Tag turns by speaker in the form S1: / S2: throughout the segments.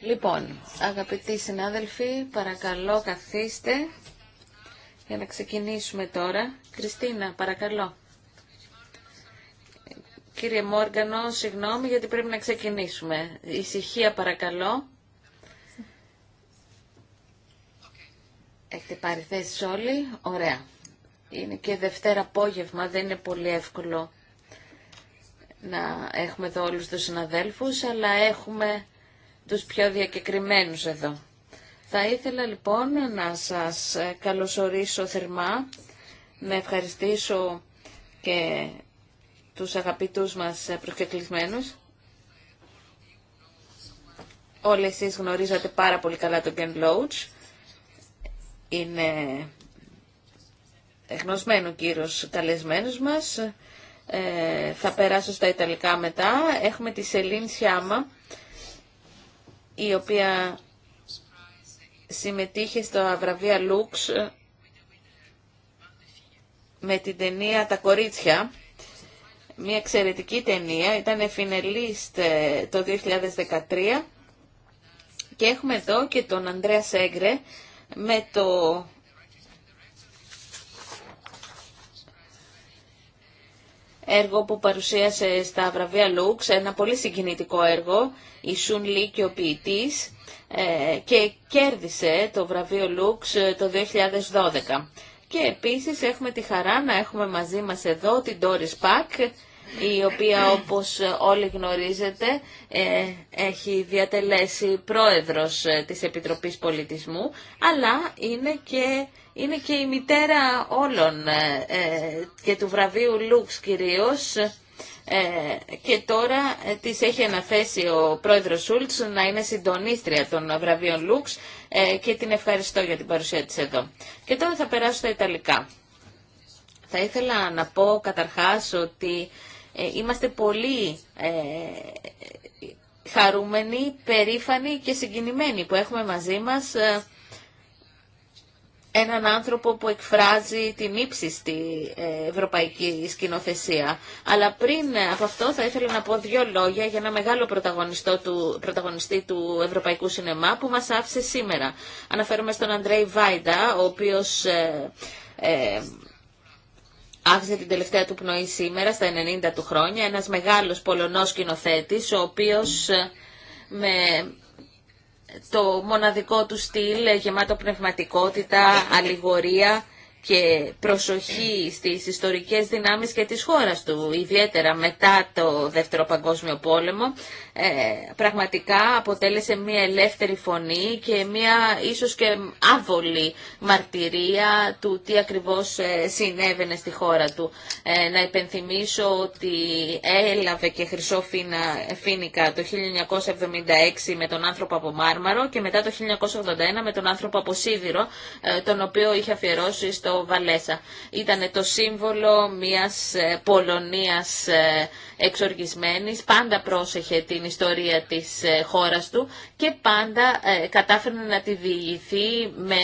S1: Λοιπόν, αγαπητοί συνάδελφοι, παρακαλώ καθίστε για να ξεκινήσουμε τώρα. Κριστίνα, παρακαλώ. Κύριε Μόργανο, συγγνώμη γιατί πρέπει να ξεκινήσουμε. Ησυχία παρακαλώ. Έχετε πάρει θέσεις όλοι. Ωραία. Είναι και Δευτέρα απόγευμα, δεν είναι πολύ εύκολο να έχουμε εδώ όλους τους συναδέλφους, αλλά έχουμε τους πιο διακεκριμένους εδώ. Θα ήθελα λοιπόν να σας καλωσορίσω θερμά, να ευχαριστήσω και τους αγαπητούς μας προσκεκλησμένους. Όλοι εσείς γνωρίζατε πάρα πολύ καλά τον Ken Loach. Είναι γνωσμένο κύριος καλεσμένος μας. Ε, θα περάσω στα Ιταλικά μετά. Έχουμε τη Σελήν Σιάμα, η οποία συμμετείχε στο Αβραβία Λούξ με την ταινία «Τα κορίτσια». Μια εξαιρετική ταινία, ήταν εφινελίστ ε, το 2013 και έχουμε εδώ και τον Ανδρέα Σέγκρε με το έργο που παρουσίασε στα βραβεία Λούξ, ένα πολύ συγκινητικό έργο, η Σουν Λί και ο ποιητής, ε, και κέρδισε το βραβείο Λούξ ε, το 2012. Και επίσης έχουμε τη χαρά να έχουμε μαζί μας εδώ την Doris Πακ, η οποία όπως όλοι γνωρίζετε ε, έχει διατελέσει πρόεδρος της Επιτροπής Πολιτισμού, αλλά είναι και είναι και η μητέρα όλων ε, ε, και του βραβείου Λουξ κυρίως ε, και τώρα ε, της έχει αναθέσει ο πρόεδρος Σούλτς να είναι συντονίστρια των βραβείων Λουξ και την ευχαριστώ για την παρουσία της εδώ. Και τώρα θα περάσω στα Ιταλικά. Θα ήθελα να πω καταρχάς ότι είμαστε πολύ χαρούμενοι, περήφανοι και συγκινημένοι που έχουμε μαζί μας έναν άνθρωπο που εκφράζει την ύψιστη ε, ευρωπαϊκή σκηνοθεσία. Αλλά πριν από αυτό θα ήθελα να πω δύο λόγια για ένα μεγάλο πρωταγωνιστό του, πρωταγωνιστή του ευρωπαϊκού σινεμά που μας άφησε σήμερα. Αναφέρομαι στον Αντρέι Βάιντα, ο οποίος ε, ε άφησε την τελευταία του πνοή σήμερα στα 90 του χρόνια, ένας μεγάλος πολωνός σκηνοθέτης, ο οποίος ε, με το μοναδικό του στυλ ε, γεμάτο πνευματικότητα, ναι. αλληγορία και προσοχή στις ιστορικές δυνάμεις και της χώρας του, ιδιαίτερα μετά το Δεύτερο Παγκόσμιο Πόλεμο, ε, πραγματικά αποτέλεσε μια ελεύθερη φωνή και μια ίσως και άβολη μαρτυρία του τι ακριβώς ε, συνέβαινε στη χώρα του. Ε, να υπενθυμίσω ότι έλαβε και χρυσό φίνικα το 1976 με τον άνθρωπο από μάρμαρο και μετά το 1981 με τον άνθρωπο από σίδηρο, τον οποίο είχε αφιερώσει στο ήταν το σύμβολο μιας ε, Πολωνίας ε, εξοργισμένης, πάντα πρόσεχε την ιστορία της ε, χώρας του και πάντα κατάφερε να τη διηγηθεί με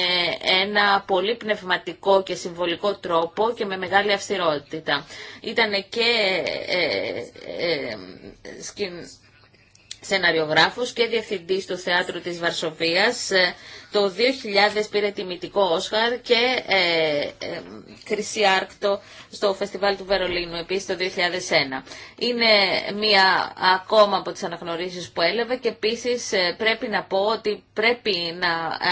S1: ένα πολύ πνευματικό και συμβολικό τρόπο και με μεγάλη αυστηρότητα. Ήταν και ε, σεναριογράφος και διευθυντής του Θεάτρου της Βαρσοβίας. Ε, το 2000 πήρε τιμητικό Όσχαρ και ε, ε, Χρυσή Άρκτο στο Φεστιβάλ του Βερολίνου, επίσης το 2001. Είναι μία ακόμα από τις αναγνωρίσεις που έλαβε και επίσης ε, πρέπει να πω ότι πρέπει να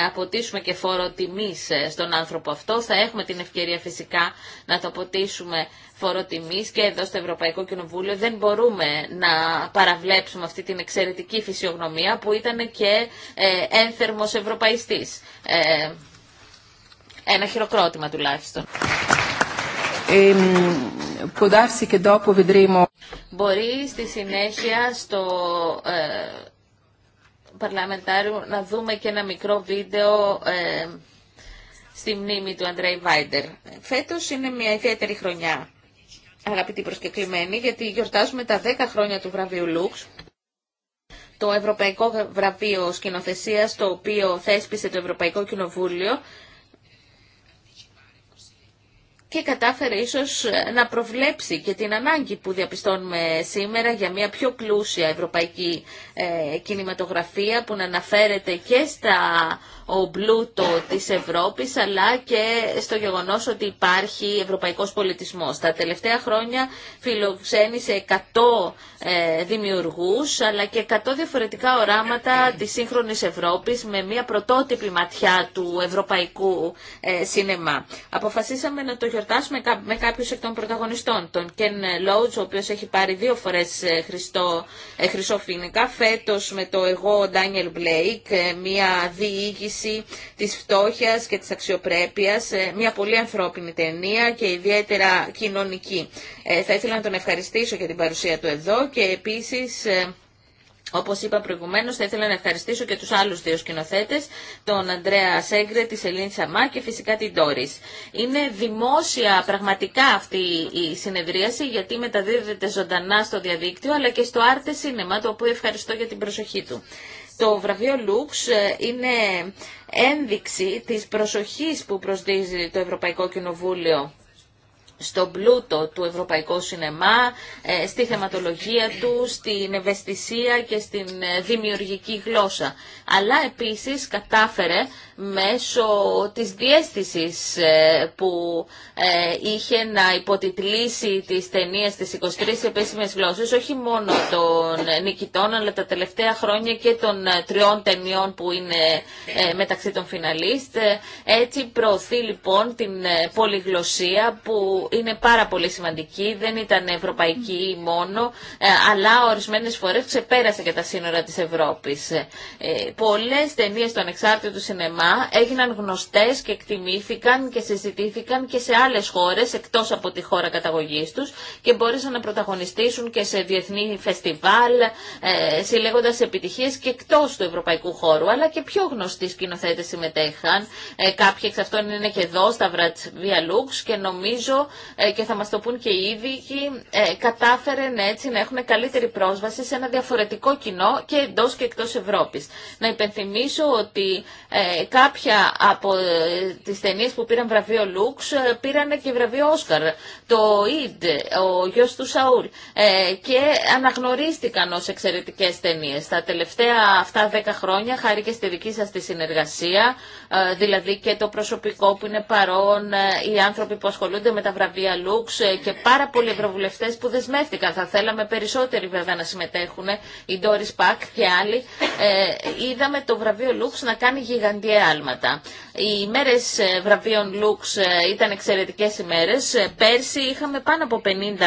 S1: αποτίσουμε και φόρο τιμής στον άνθρωπο αυτό. Θα έχουμε την ευκαιρία φυσικά να το αποτίσουμε φοροτιμή και εδώ στο Ευρωπαϊκό Κοινοβούλιο δεν μπορούμε να παραβλέψουμε αυτή την εξαιρετική φυσιογνωμία που ήταν και ε, ένθερμος ευρωπαϊστής. Ε, ένα χειροκρότημα τουλάχιστον.
S2: Ε, και
S1: Μπορεί στη συνέχεια στο ε, Παρλαμεντάριο να δούμε και ένα μικρό βίντεο ε, στη μνήμη του Αντρέι Βάιντερ. Φέτος είναι μια ιδιαίτερη χρονιά αγαπητοί προσκεκλημένοι, γιατί γιορτάζουμε τα 10 χρόνια του βραβείου Λουξ, το Ευρωπαϊκό Βραβείο Σκηνοθεσίας, το οποίο θέσπισε το Ευρωπαϊκό Κοινοβούλιο και κατάφερε ίσως να προβλέψει και την ανάγκη που διαπιστώνουμε σήμερα για μια πιο πλούσια ευρωπαϊκή ε, κινηματογραφία που να αναφέρεται και στα ο πλούτο της Ευρώπης αλλά και στο γεγονός ότι υπάρχει ευρωπαϊκός πολιτισμός. Τα τελευταία χρόνια φιλοξένησε 100 ε, δημιουργούς αλλά και 100 διαφορετικά οράματα της σύγχρονης Ευρώπης με μια πρωτότυπη ματιά του ευρωπαϊκού ε, σινεμά. Αποφασίσαμε να το γιορτάσουμε με κάποιους εκ των πρωταγωνιστών. Τον Ken Loach, ο οποίος έχει πάρει δύο φορές ε, χρυσό φίνικα, φέτος με το εγώ Daniel Blake, μια διήγηση κρίση, της φτώχειας και της αξιοπρέπειας. Ε, μια πολύ ανθρώπινη ταινία και ιδιαίτερα κοινωνική. Ε, θα ήθελα να τον ευχαριστήσω για την παρουσία του εδώ και επίσης... Ε, Όπω είπα προηγουμένω, θα ήθελα να ευχαριστήσω και του άλλου δύο σκηνοθέτε, τον Αντρέα Σέγκρε, τη Ελίνη Σαμά και φυσικά την Τόρι. Είναι δημόσια πραγματικά αυτή η συνεδρίαση, γιατί μεταδίδεται ζωντανά στο διαδίκτυο, αλλά και στο Άρτε Σίνεμα, το οποίο ευχαριστώ για την προσοχή του. Το βραβείο Λουξ ε, είναι ένδειξη της προσοχής που προσδίζει το Ευρωπαϊκό Κοινοβούλιο στον πλούτο του ευρωπαϊκού σινεμά, ε, στη θεματολογία του, στην ευαισθησία και στην ε, δημιουργική γλώσσα. Αλλά επίσης κατάφερε μέσω της διέστησης ε, που ε, είχε να υποτιτλήσει τις ταινίες της 23 επίσημες γλώσσες, όχι μόνο των νικητών, αλλά τα τελευταία χρόνια και των ε, τριών ταινιών που είναι μεταξύ των φιναλίστ. Έτσι προωθεί λοιπόν την πολυγλωσσία που είναι πάρα πολύ σημαντική, δεν ήταν ευρωπαϊκή μόνο, αλλά ορισμένες φορές ξεπέρασε και τα σύνορα της Ευρώπης. Πολλές ταινίες του έγιναν γνωστές και εκτιμήθηκαν και συζητήθηκαν και σε άλλες χώρες εκτός από τη χώρα καταγωγής τους και μπόρεσαν να πρωταγωνιστήσουν και σε διεθνή φεστιβάλ ε, συλλέγοντας επιτυχίες και εκτός του ευρωπαϊκού χώρου αλλά και πιο γνωστοί σκηνοθέτες συμμετέχαν. Ε, κάποιοι εξ αυτών είναι και εδώ στα Βρατσβία Λούξ και νομίζω ε, και θα μας το πούν και οι ίδιοι ε, κατάφεραν έτσι να έχουν καλύτερη πρόσβαση σε ένα διαφορετικό κοινό και εντός και εκτός Ευρώπης. Να υπενθυμίσω ότι ε, κάποια από τις ταινίε που πήραν βραβείο Λουξ ε, πήραν και βραβείο Όσκαρ. Το Ιντ, ο γιος του Σαούλ ε, και αναγνωρίστηκαν ως εξαιρετικές ταινίε. Τα τελευταία αυτά δέκα χρόνια χάρη και στη δική σας τη συνεργασία ε, δηλαδή και το προσωπικό που είναι παρόν, οι άνθρωποι που ασχολούνται με τα βραβεία Λουξ και πάρα πολλοί ευρωβουλευτέ που δεσμεύτηκαν. Θα θέλαμε περισσότεροι βέβαια να συμμετέχουν, η Ντόρι Πακ και άλλοι. είδαμε το βραβείο Λουξ να κάνει γιγαντιαία άλματα. Οι μέρες ε, βραβείων Λουξ ε, ήταν εξαιρετικές μέρες. Ε, πέρσι είχαμε πάνω από 50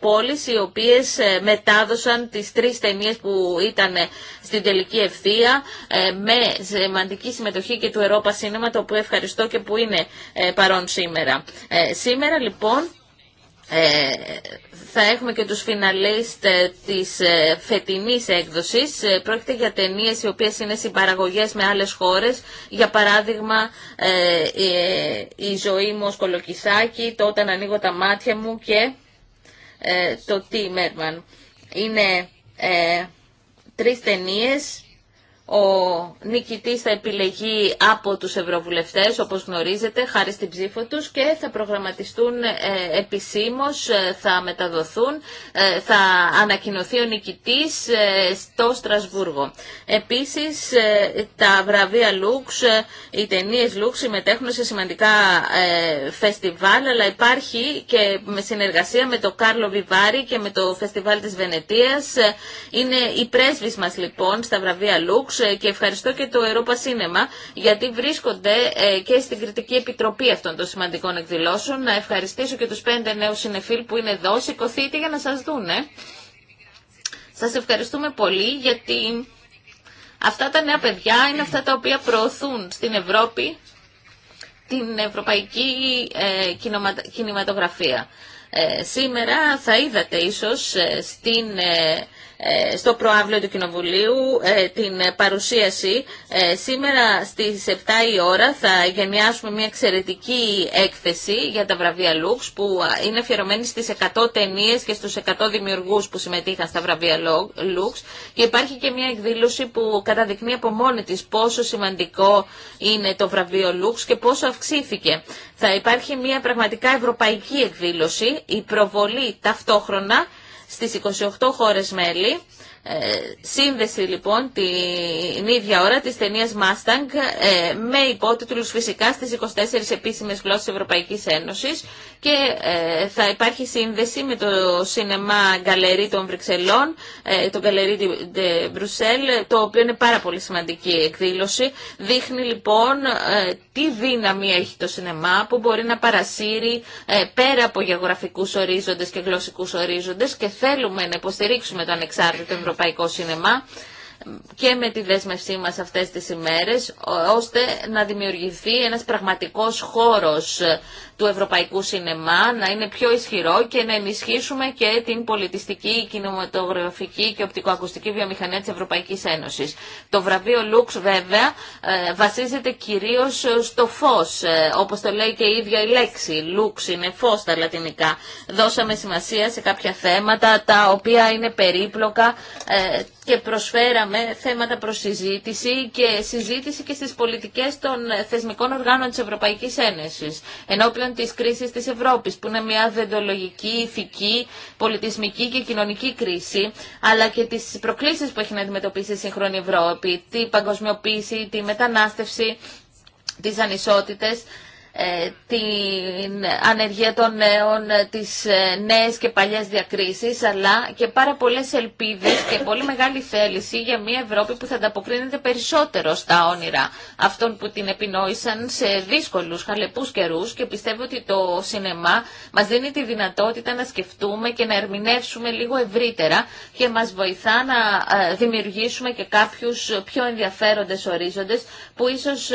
S1: πόλεις οι οποίες μετάδωσαν τις τρει ταινίε που ήταν στην τελική ευθεία με σημαντική συμμετοχή και του Ευρώπα Σίνεμα το οποίο ευχαριστώ και που είναι παρόν σήμερα. Σήμερα λοιπόν ε, θα έχουμε και τους φιναλίστ ε, της ε, φετινής έκδοσης. Πρόκειται για ταινίες οι οποίες είναι συμπαραγωγές με άλλες χώρες. Για παράδειγμα, η ζωή μου ως κολοκυσάκι, το όταν ανοίγω τα μάτια μου και το τι Μέρμαν. Είναι τρεις ταινίες ο νικητής θα επιλεγεί από τους ευρωβουλευτές, όπως γνωρίζετε, χάρη στην ψήφο τους και θα προγραμματιστούν ε, επισήμως, ε, θα μεταδοθούν, ε, θα ανακοινωθεί ο νικητής στο Στρασβούργο. Επίσης, τα βραβεία Λούξ, οι ταινίες Λούξ συμμετέχουν σε σημαντικά φεστιβάλ, αλλά υπάρχει και με συνεργασία με το Κάρλο Βιβάρη και με το Φεστιβάλ της Βενετίας. Είναι η πρέσβης μας λοιπόν στα βραβεία Λούξ και ευχαριστώ και το Ευρώπα Σίνεμα γιατί βρίσκονται ε, και στην κριτική επιτροπή αυτών των σημαντικών εκδηλώσεων. Να ευχαριστήσω και τους πέντε νέους συνεφίλ που είναι εδώ. Σηκωθείτε για να σας δούνε. Σας ευχαριστούμε πολύ γιατί αυτά τα νέα παιδιά είναι αυτά τα οποία προωθούν στην Ευρώπη την ευρωπαϊκή ε, κινηματογραφία. Ε, σήμερα θα είδατε ίσως στην ε, στο προάβλιο του Κοινοβουλίου ε, την παρουσίαση. Ε, σήμερα στις 7 η ώρα θα γενιάσουμε μια εξαιρετική έκθεση για τα βραβεία Λουξ που είναι αφιερωμένη στις 100 ταινίες και στους 100 δημιουργούς που συμμετείχαν στα βραβεία Λουξ και υπάρχει και μια εκδήλωση που καταδεικνύει από μόνη της πόσο σημαντικό είναι το βραβείο Λουξ και πόσο αυξήθηκε. Θα υπάρχει μια πραγματικά ευρωπαϊκή εκδήλωση, η προβολή ταυτόχρονα στις 28 χώρες μέλη ε, σύνδεση λοιπόν την ίδια ώρα της ταινίας Mustang ε, με υπότιτλους φυσικά στις 24 επίσημες γλώσσες Ευρωπαϊκής Ένωσης και ε, θα υπάρχει σύνδεση με το σινεμά Γκαλερί των Βρυξελών, το Γκαλερί de Bruxelles, το οποίο είναι πάρα πολύ σημαντική εκδήλωση. Δείχνει λοιπόν τι δύναμη έχει το σινεμά που μπορεί να παρασύρει πέρα από γεωγραφικούς ορίζοντες και γλωσσικούς ορίζοντες και θέλουμε να υποστηρίξουμε το ανεξάρτητο ευρωπαϊκό ευρωπαϊκό σινεμά και με τη δέσμευσή μας αυτές τις ημέρες, ώστε να δημιουργηθεί ένας πραγματικός χώρος ε, του ευρωπαϊκού σινεμά, να είναι πιο ισχυρό και να ενισχύσουμε και την πολιτιστική, κινηματογραφική και οπτικοακουστική βιομηχανία της Ευρωπαϊκής Ένωσης. Το βραβείο Λουξ βέβαια ε, βασίζεται κυρίως ε, στο φως, όπως το λέει και η ίδια η λέξη. Λουξ είναι φως στα λατινικά. Δώσαμε σημασία σε κάποια θέματα τα οποία είναι περίπλοκα, και προσφέραμε θέματα προς συζήτηση και συζήτηση και στις πολιτικές των θεσμικών οργάνων της Ευρωπαϊκής Ένωσης ενώπιον της κρίσης της Ευρώπης που είναι μια δεντολογική, ηθική, πολιτισμική και κοινωνική κρίση αλλά και τις προκλήσεις που έχει να αντιμετωπίσει η σύγχρονη Ευρώπη, τη παγκοσμιοποίηση, τη μετανάστευση, τις ανισότητες ε, την ανεργία των νέων, τις ε, νέες και παλιές διακρίσεις, αλλά και πάρα πολλές ελπίδες και πολύ μεγάλη θέληση για μια Ευρώπη που θα ανταποκρίνεται περισσότερο στα όνειρα αυτών που την επινόησαν σε δύσκολους, χαλεπούς καιρούς και πιστεύω ότι το σινεμά μας δίνει τη δυνατότητα να σκεφτούμε και να ερμηνεύσουμε λίγο ευρύτερα και μας βοηθά να ε, δημιουργήσουμε και κάποιους πιο ενδιαφέροντες ορίζοντες που ίσως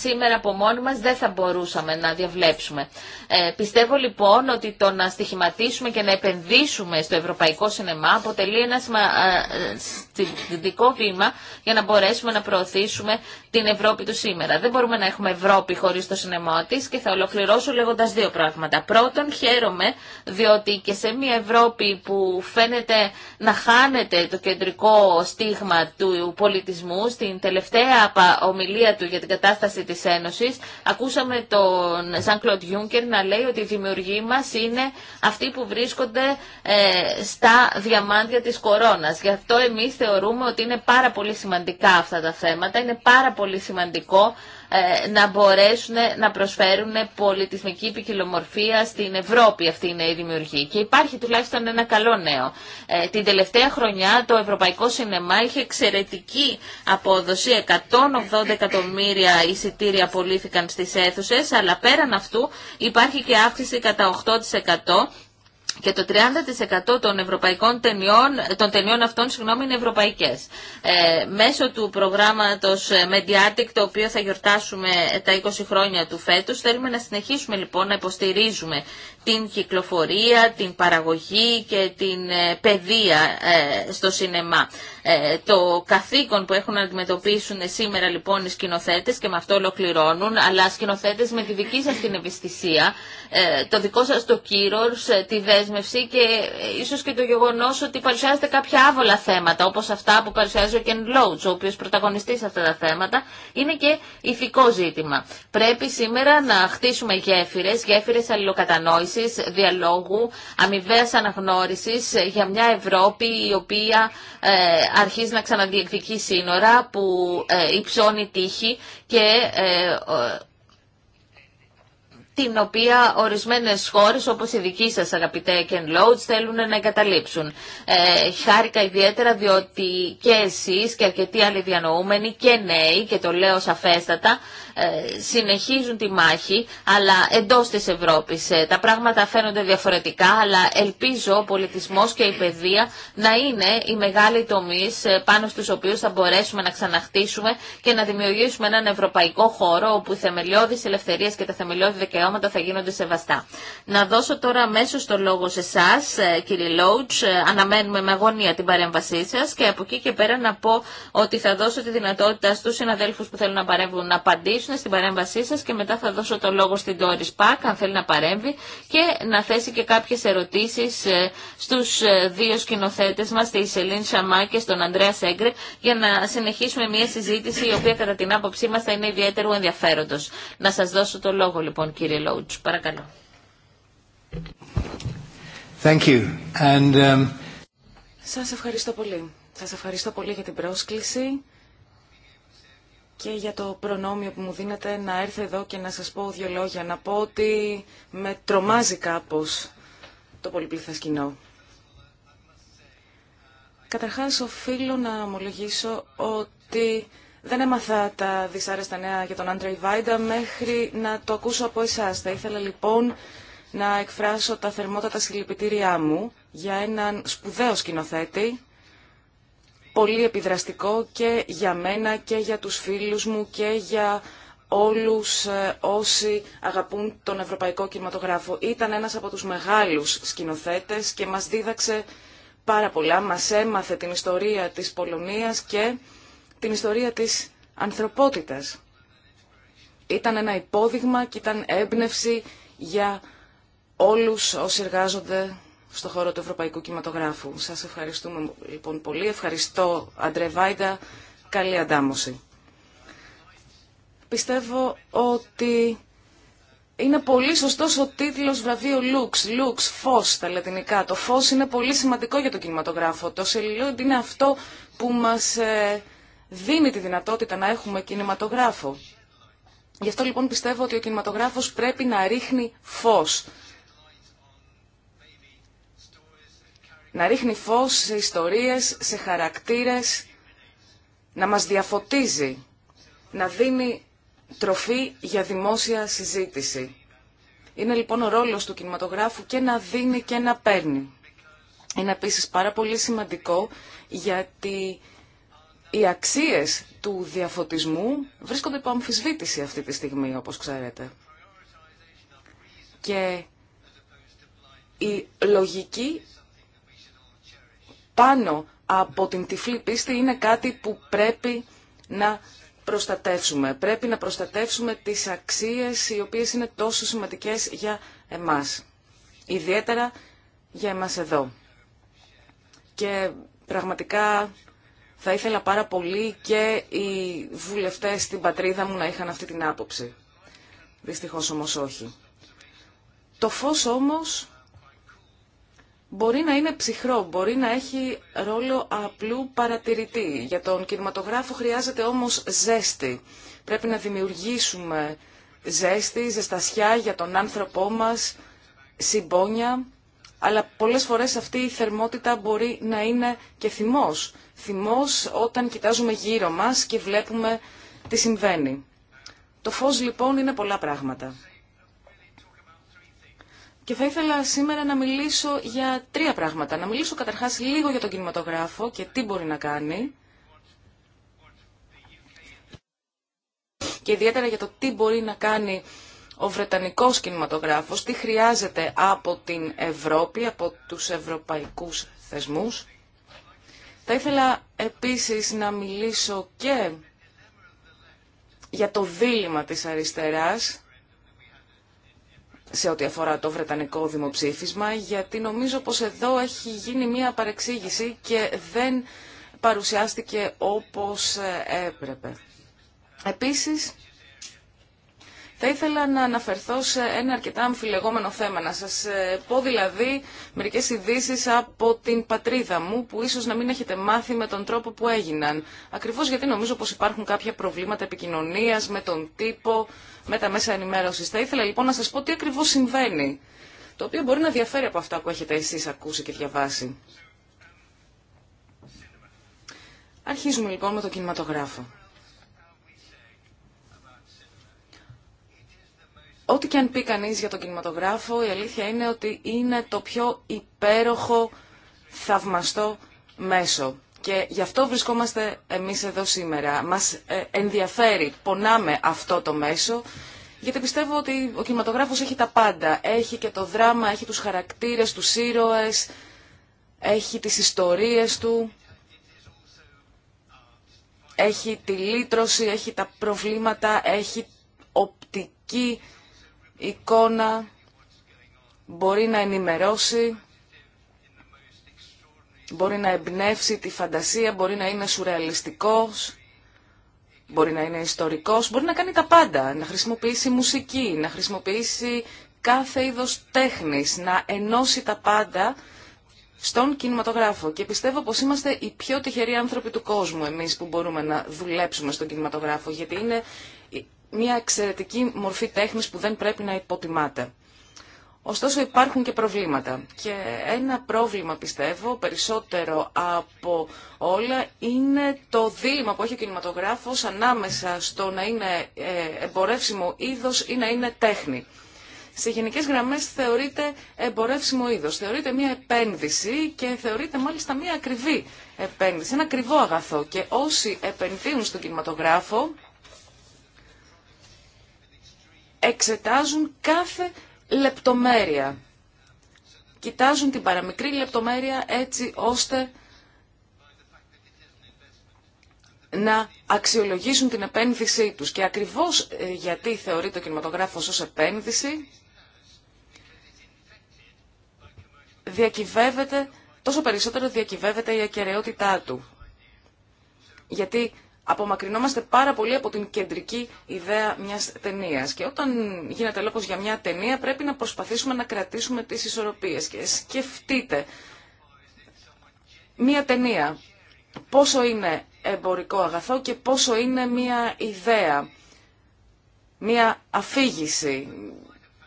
S1: σήμερα από μόνοι μας δεν θα μπορούσαμε μπορούσαμε να διαβλέψουμε. Ε, πιστεύω λοιπόν ότι το να στοιχηματίσουμε και να επενδύσουμε στο ευρωπαϊκό σινεμά αποτελεί ένα σημαντικό ε, βήμα για να μπορέσουμε να προωθήσουμε την Ευρώπη του σήμερα. Δεν μπορούμε να έχουμε Ευρώπη χωρί το σινεμά τη και θα ολοκληρώσω λέγοντα δύο πράγματα. Πρώτον, χαίρομαι διότι και σε μια Ευρώπη που φαίνεται να χάνεται το κεντρικό στίγμα του πολιτισμού, στην τελευταία ομιλία του για την κατάσταση τη Ένωση, ακούσαμε τον Ζαν Κλοντ Γιούγκερ να λέει ότι οι δημιουργοί μα είναι αυτοί που βρίσκονται ε, στα διαμάντια της κορώνας. Γι' αυτό εμείς θεωρούμε ότι είναι πάρα πολύ σημαντικά αυτά τα θέματα, είναι πάρα πολύ σημαντικό ε, να μπορέσουν να προσφέρουν πολιτισμική ποικιλομορφία στην Ευρώπη αυτή είναι η δημιουργία. Και υπάρχει τουλάχιστον ένα καλό νέο. Ε, την τελευταία χρονιά το Ευρωπαϊκό Σινεμά είχε εξαιρετική απόδοση. 180 εκατομμύρια εισιτήρια απολύθηκαν στις αίθουσες, αλλά πέραν αυτού υπάρχει και αύξηση κατά 8% και το 30% των ευρωπαϊκών ταινιών, των ταινιών αυτών συγγνώμη, είναι ευρωπαϊκές. Ε, μέσω του προγράμματος ε, Mediatic, το οποίο θα γιορτάσουμε ε, τα 20 χρόνια του φέτος, θέλουμε να συνεχίσουμε λοιπόν να υποστηρίζουμε την κυκλοφορία, την παραγωγή και την ε, παιδεία στο σινεμά. Ε, το καθήκον που έχουν να αντιμετωπίσουν σήμερα λοιπόν οι σκηνοθέτε και με αυτό ολοκληρώνουν, αλλά σκηνοθέτε με τη δική σα την ευαισθησία, ε, το δικό σα το κύρο, ε, τη δέσμευση και ίσω και το γεγονό ότι παρουσιάζεται κάποια άβολα θέματα, όπω αυτά που παρουσιάζει ο Κεν Λότ, ο οποίο πρωταγωνιστεί σε αυτά τα θέματα, είναι και ηθικό ζήτημα. Πρέπει σήμερα να χτίσουμε γέφυρε, γέφυρε αλληλοκατανόηση, διαλόγου, αμοιβαία αναγνώριση για μια Ευρώπη η οποία αρχίζει να ξαναδιεκδικεί σύνορα, που ε, υψώνει τύχη και ε, την οποία ορισμένες χώρες όπως η δική σας αγαπητέ Ken load θέλουν να εγκαταλείψουν. Ε, χάρηκα ιδιαίτερα διότι και εσείς και αρκετοί άλλοι διανοούμενοι και νέοι και το λέω σαφέστατα ε, συνεχίζουν τη μάχη, αλλά εντός της Ευρώπης. Ε, τα πράγματα φαίνονται διαφορετικά, αλλά ελπίζω ο πολιτισμός και η παιδεία να είναι οι μεγάλοι τομείς ε, πάνω στους οποίους θα μπορέσουμε να ξαναχτίσουμε και να δημιουργήσουμε έναν ευρωπαϊκό χώρο όπου οι θεμελιώδεις ελευθερίες και τα θεμελιώδη δικαιώματα θα γίνονται σεβαστά. Να δώσω τώρα αμέσω το λόγο σε εσά, κύριε Λόουτς. Αναμένουμε με αγωνία την παρέμβασή σας και από εκεί και πέρα να πω ότι θα δώσω τη δυνατότητα στους συναδέλφους που θέλουν να παρέμβουν να απαντήσουν στην παρέμβασή σας και μετά θα δώσω το λόγο στην Τόρις Πακ αν θέλει να παρέμβει και να θέσει και κάποιες ερωτήσεις ε, στους ε, δύο σκηνοθέτες μας, τη Σελήν Σαμά και στον Ανδρέα Σέγκρε για να συνεχίσουμε μια συζήτηση η οποία κατά την άποψή μας θα είναι ιδιαίτερου ενδιαφέροντος. Να σας δώσω το λόγο λοιπόν κύριε Λόουτς. Παρακαλώ.
S2: Thank you. And, um... Σας ευχαριστώ πολύ. Σας ευχαριστώ πολύ για την πρόσκληση και για το προνόμιο που μου δίνετε να έρθω εδώ και να σας πω δύο λόγια. Να πω ότι με τρομάζει κάπως το πολυπληθές κοινό. Καταρχάς, οφείλω να ομολογήσω ότι δεν έμαθα τα δυσάρεστα νέα για τον Άντρεϊ Βάιντα μέχρι να το ακούσω από εσάς. Θα ήθελα λοιπόν να εκφράσω τα θερμότατα συλληπιτήριά μου για έναν σπουδαίο σκηνοθέτη, πολύ επιδραστικό και για μένα και για τους φίλους μου και για όλους ε, όσοι αγαπούν τον ευρωπαϊκό κινηματογράφο. Ήταν ένας από τους μεγάλους σκηνοθέτες και μας δίδαξε πάρα πολλά. Μας έμαθε την ιστορία της Πολωνίας και την ιστορία της ανθρωπότητας. Ήταν ένα υπόδειγμα και ήταν έμπνευση για όλους όσοι εργάζονται στο χώρο του Ευρωπαϊκού Κινηματογράφου. Σας ευχαριστούμε λοιπόν πολύ. Ευχαριστώ Αντρέ Βάιντα. Καλή αντάμωση. Πιστεύω ότι είναι πολύ σωστό ο τίτλος βραβείο Lux, Lux, φω στα λατινικά. Το φως είναι πολύ σημαντικό για τον κινηματογράφο. Το Σελιλόντ είναι αυτό που μας ε, δίνει τη δυνατότητα να έχουμε κινηματογράφο. Γι' αυτό λοιπόν πιστεύω ότι ο κινηματογράφος πρέπει να ρίχνει φως να ρίχνει φως σε ιστορίες, σε χαρακτήρες, να μας διαφωτίζει, να δίνει τροφή για δημόσια συζήτηση. Είναι λοιπόν ο ρόλος του κινηματογράφου και να δίνει και να παίρνει. Είναι επίσης πάρα πολύ σημαντικό γιατί οι αξίες του διαφωτισμού βρίσκονται υπό αμφισβήτηση αυτή τη στιγμή, όπως ξέρετε. Και η λογική πάνω από την τυφλή πίστη είναι κάτι που πρέπει να προστατεύσουμε. Πρέπει να προστατεύσουμε τις αξίες οι οποίες είναι τόσο σημαντικές για εμάς. Ιδιαίτερα για εμάς εδώ. Και πραγματικά θα ήθελα πάρα πολύ και οι βουλευτές στην πατρίδα μου να είχαν αυτή την άποψη. Δυστυχώς όμως όχι. Το φως όμως μπορεί να είναι ψυχρό, μπορεί να έχει ρόλο απλού παρατηρητή. Για τον κινηματογράφο χρειάζεται όμως ζέστη. Πρέπει να δημιουργήσουμε ζέστη, ζεστασιά για τον άνθρωπό μας, συμπόνια, αλλά πολλές φορές αυτή η θερμότητα μπορεί να είναι και θυμός. Θυμός όταν κοιτάζουμε γύρω μας και βλέπουμε τι συμβαίνει. Το φως λοιπόν είναι πολλά πράγματα. Και θα ήθελα σήμερα να μιλήσω για τρία πράγματα. Να μιλήσω καταρχάς λίγο για τον κινηματογράφο και τι μπορεί να κάνει. Και ιδιαίτερα για το τι μπορεί να κάνει ο Βρετανικός κινηματογράφος, τι χρειάζεται από την Ευρώπη, από τους ευρωπαϊκούς θεσμούς. Θα ήθελα επίσης να μιλήσω και για το δίλημα της αριστεράς, σε ό,τι αφορά το Βρετανικό δημοψήφισμα, γιατί νομίζω πως εδώ έχει γίνει μία παρεξήγηση και δεν παρουσιάστηκε όπως έπρεπε. Επίσης, θα ήθελα να αναφερθώ σε ένα αρκετά αμφιλεγόμενο θέμα, να σας ε, πω δηλαδή μερικές ειδήσει από την πατρίδα μου που ίσως να μην έχετε μάθει με τον τρόπο που έγιναν. Ακριβώς γιατί νομίζω πως υπάρχουν κάποια προβλήματα επικοινωνίας με τον τύπο, με τα μέσα ενημέρωσης. Θα ήθελα λοιπόν να σας πω τι ακριβώς συμβαίνει, το οποίο μπορεί να διαφέρει από αυτά που έχετε εσείς ακούσει και διαβάσει. Αρχίζουμε λοιπόν με το κινηματογράφο. Ό,τι και αν πει κανεί για τον κινηματογράφο, η αλήθεια είναι ότι είναι το πιο υπέροχο, θαυμαστό μέσο. Και γι' αυτό βρισκόμαστε εμείς εδώ σήμερα. Μας ε, ενδιαφέρει, πονάμε αυτό το μέσο, γιατί πιστεύω ότι ο κινηματογράφος έχει τα πάντα. Έχει και το δράμα, έχει τους χαρακτήρες, τους ήρωες, έχει τις ιστορίες του, έχει τη λύτρωση, έχει τα προβλήματα, έχει οπτική εικόνα, μπορεί να ενημερώσει, μπορεί να εμπνεύσει τη φαντασία, μπορεί να είναι σουρεαλιστικός, μπορεί να είναι ιστορικός, μπορεί να κάνει τα πάντα, να χρησιμοποιήσει μουσική, να χρησιμοποιήσει κάθε είδος τέχνης, να ενώσει τα πάντα στον κινηματογράφο. Και πιστεύω πως είμαστε οι πιο τυχεροί άνθρωποι του κόσμου εμείς που μπορούμε να δουλέψουμε στον κινηματογράφο, γιατί είναι μια εξαιρετική μορφή τέχνης που δεν πρέπει να υποτιμάται. Ωστόσο υπάρχουν και προβλήματα και ένα πρόβλημα πιστεύω περισσότερο από όλα είναι το δίλημα που έχει ο κινηματογράφος ανάμεσα στο να είναι ε, εμπορεύσιμο είδος ή να είναι τέχνη. Σε γενικές γραμμές θεωρείται εμπορεύσιμο είδος, θεωρείται μια επένδυση και θεωρείται μάλιστα μια ακριβή επένδυση, ένα ακριβό αγαθό και όσοι επενδύουν στον κινηματογράφο εξετάζουν κάθε λεπτομέρεια. Κοιτάζουν την παραμικρή λεπτομέρεια έτσι ώστε να αξιολογήσουν την επένδυσή τους. Και ακριβώς ε, γιατί θεωρεί το κινηματογράφος ως επένδυση, διακυβεύεται, τόσο περισσότερο διακυβεύεται η ακεραιότητά του. Γιατί απομακρυνόμαστε πάρα πολύ από την κεντρική ιδέα μιας ταινία. Και όταν γίνεται λόγο για μια ταινία πρέπει να προσπαθήσουμε να κρατήσουμε τις ισορροπίε Και σκεφτείτε, μια ταινία πόσο είναι εμπορικό αγαθό και πόσο είναι μια ιδέα, μια αφήγηση,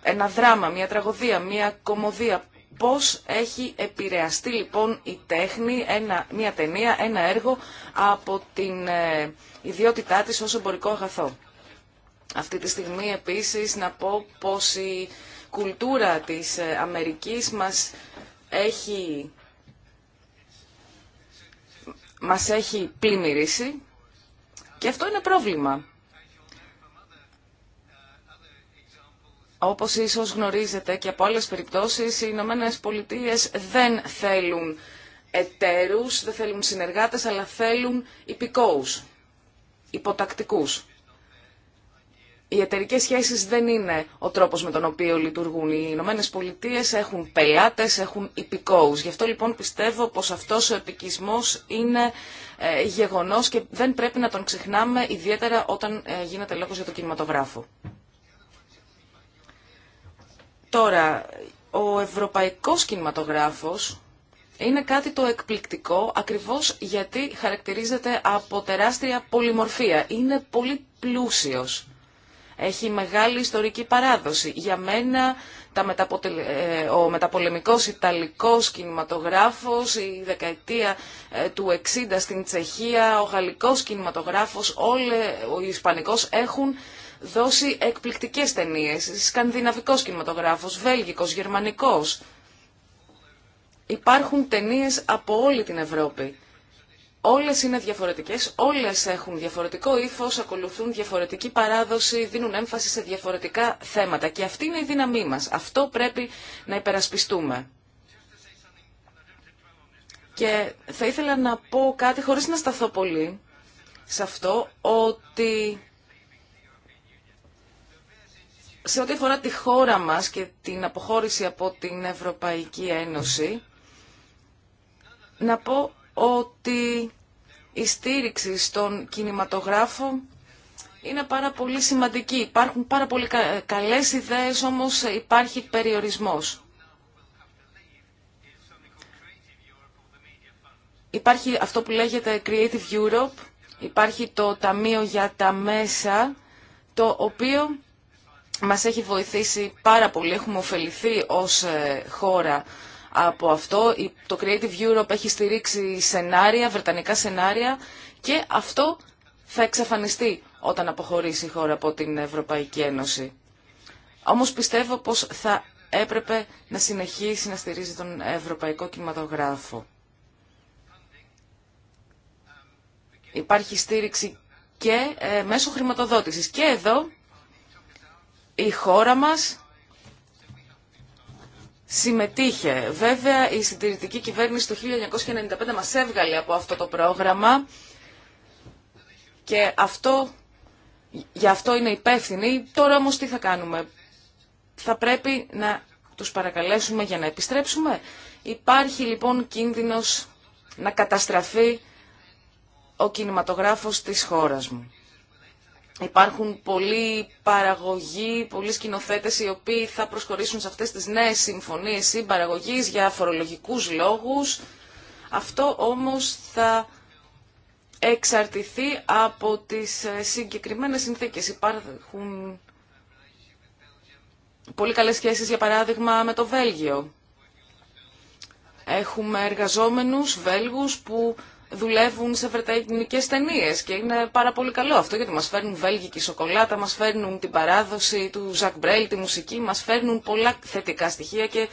S2: ένα δράμα, μια τραγωδία, μια κομμωδία. Πώς έχει επηρεαστεί λοιπόν η τέχνη, ένα, μια ταινία, ένα έργο από την ε, ιδιότητά της ως εμπορικό αγαθό. Αυτή τη στιγμή επίσης να πω πως η κουλτούρα της ε, Αμερικής μας έχει, μας έχει πλημμυρίσει και αυτό είναι πρόβλημα. Όπως ίσως γνωρίζετε και από άλλες περιπτώσεις, οι Ηνωμένε Πολιτείε δεν θέλουν εταίρους, δεν θέλουν συνεργάτες, αλλά θέλουν υπηκόους, υποτακτικούς. Οι εταιρικέ σχέσεις δεν είναι ο τρόπος με τον οποίο λειτουργούν. Οι Ηνωμένε Πολιτείε έχουν πελάτες, έχουν υπηκόους. Γι' αυτό λοιπόν πιστεύω πως αυτός ο επικισμός είναι ε, γεγονός και δεν πρέπει να τον ξεχνάμε, ιδιαίτερα όταν ε, γίνεται λόγος για το κινηματογράφο. Τώρα, ο ευρωπαϊκός κινηματογράφος είναι κάτι το εκπληκτικό ακριβώς γιατί χαρακτηρίζεται από τεράστια πολυμορφία. Είναι πολύ πλούσιος. Έχει μεγάλη ιστορική παράδοση. Για μένα τα μεταποτε... Ε, ο μεταπολεμικός Ιταλικός κινηματογράφος, η δεκαετία ε, του 60 στην Τσεχία, ο Γαλλικός κινηματογράφος, όλοι ο Ισπανικός έχουν δώσει εκπληκτικές ταινίες, σκανδιναβικό κινηματογράφο, βέλγικος, γερμανικός. Υπάρχουν ταινίες από όλη την Ευρώπη. Όλες είναι διαφορετικές, όλες έχουν διαφορετικό ύφο, ακολουθούν διαφορετική παράδοση, δίνουν έμφαση σε διαφορετικά θέματα. Και αυτή είναι η δύναμή μας. Αυτό πρέπει να υπερασπιστούμε. Και θα ήθελα να πω κάτι, χωρίς να σταθώ πολύ σε αυτό, ότι σε ό,τι αφορά τη χώρα μας και την αποχώρηση από την Ευρωπαϊκή Ένωση, να πω ότι η στήριξη στον κινηματογράφο είναι πάρα πολύ σημαντική. Υπάρχουν πάρα πολύ καλές ιδέες, όμως υπάρχει περιορισμός. Υπάρχει αυτό που λέγεται Creative Europe, υπάρχει το Ταμείο για τα Μέσα, το οποίο μας έχει βοηθήσει πάρα πολύ, έχουμε ωφεληθεί ως ε, χώρα από αυτό. Το Creative Europe έχει στηρίξει σενάρια, βρετανικά σενάρια και αυτό θα εξαφανιστεί όταν αποχωρήσει η χώρα από την Ευρωπαϊκή Ένωση. Όμως πιστεύω πως θα έπρεπε να συνεχίσει να στηρίζει τον Ευρωπαϊκό Κινηματογράφο. Υπάρχει στήριξη και ε, μέσω χρηματοδότησης. Και εδώ η χώρα μας συμμετείχε. Βέβαια η συντηρητική κυβέρνηση το 1995 μας έβγαλε από αυτό το πρόγραμμα και αυτό, γι' αυτό είναι υπεύθυνοι. Τώρα όμως τι θα κάνουμε. Θα πρέπει να τους παρακαλέσουμε για να επιστρέψουμε. Υπάρχει λοιπόν κίνδυνος να καταστραφεί ο κινηματογράφος της χώρας μου. Υπάρχουν πολλοί παραγωγοί, πολλοί σκηνοθέτε οι οποίοι θα προσχωρήσουν σε αυτές τις νέες συμφωνίε ή για φορολογικού λόγους. Αυτό όμως θα εξαρτηθεί από τις ε, συγκεκριμένες συνθήκες. Υπάρχουν πολύ καλές σχέσεις για παράδειγμα με το Βέλγιο. Έχουμε εργαζόμενους Βέλγους που δουλεύουν σε βρετανικές ταινίε και είναι πάρα πολύ καλό αυτό γιατί μας φέρνουν βέλγικη σοκολάτα, μας φέρνουν την παράδοση του Ζακ Μπρέλ, τη μουσική, μας φέρνουν πολλά θετικά στοιχεία και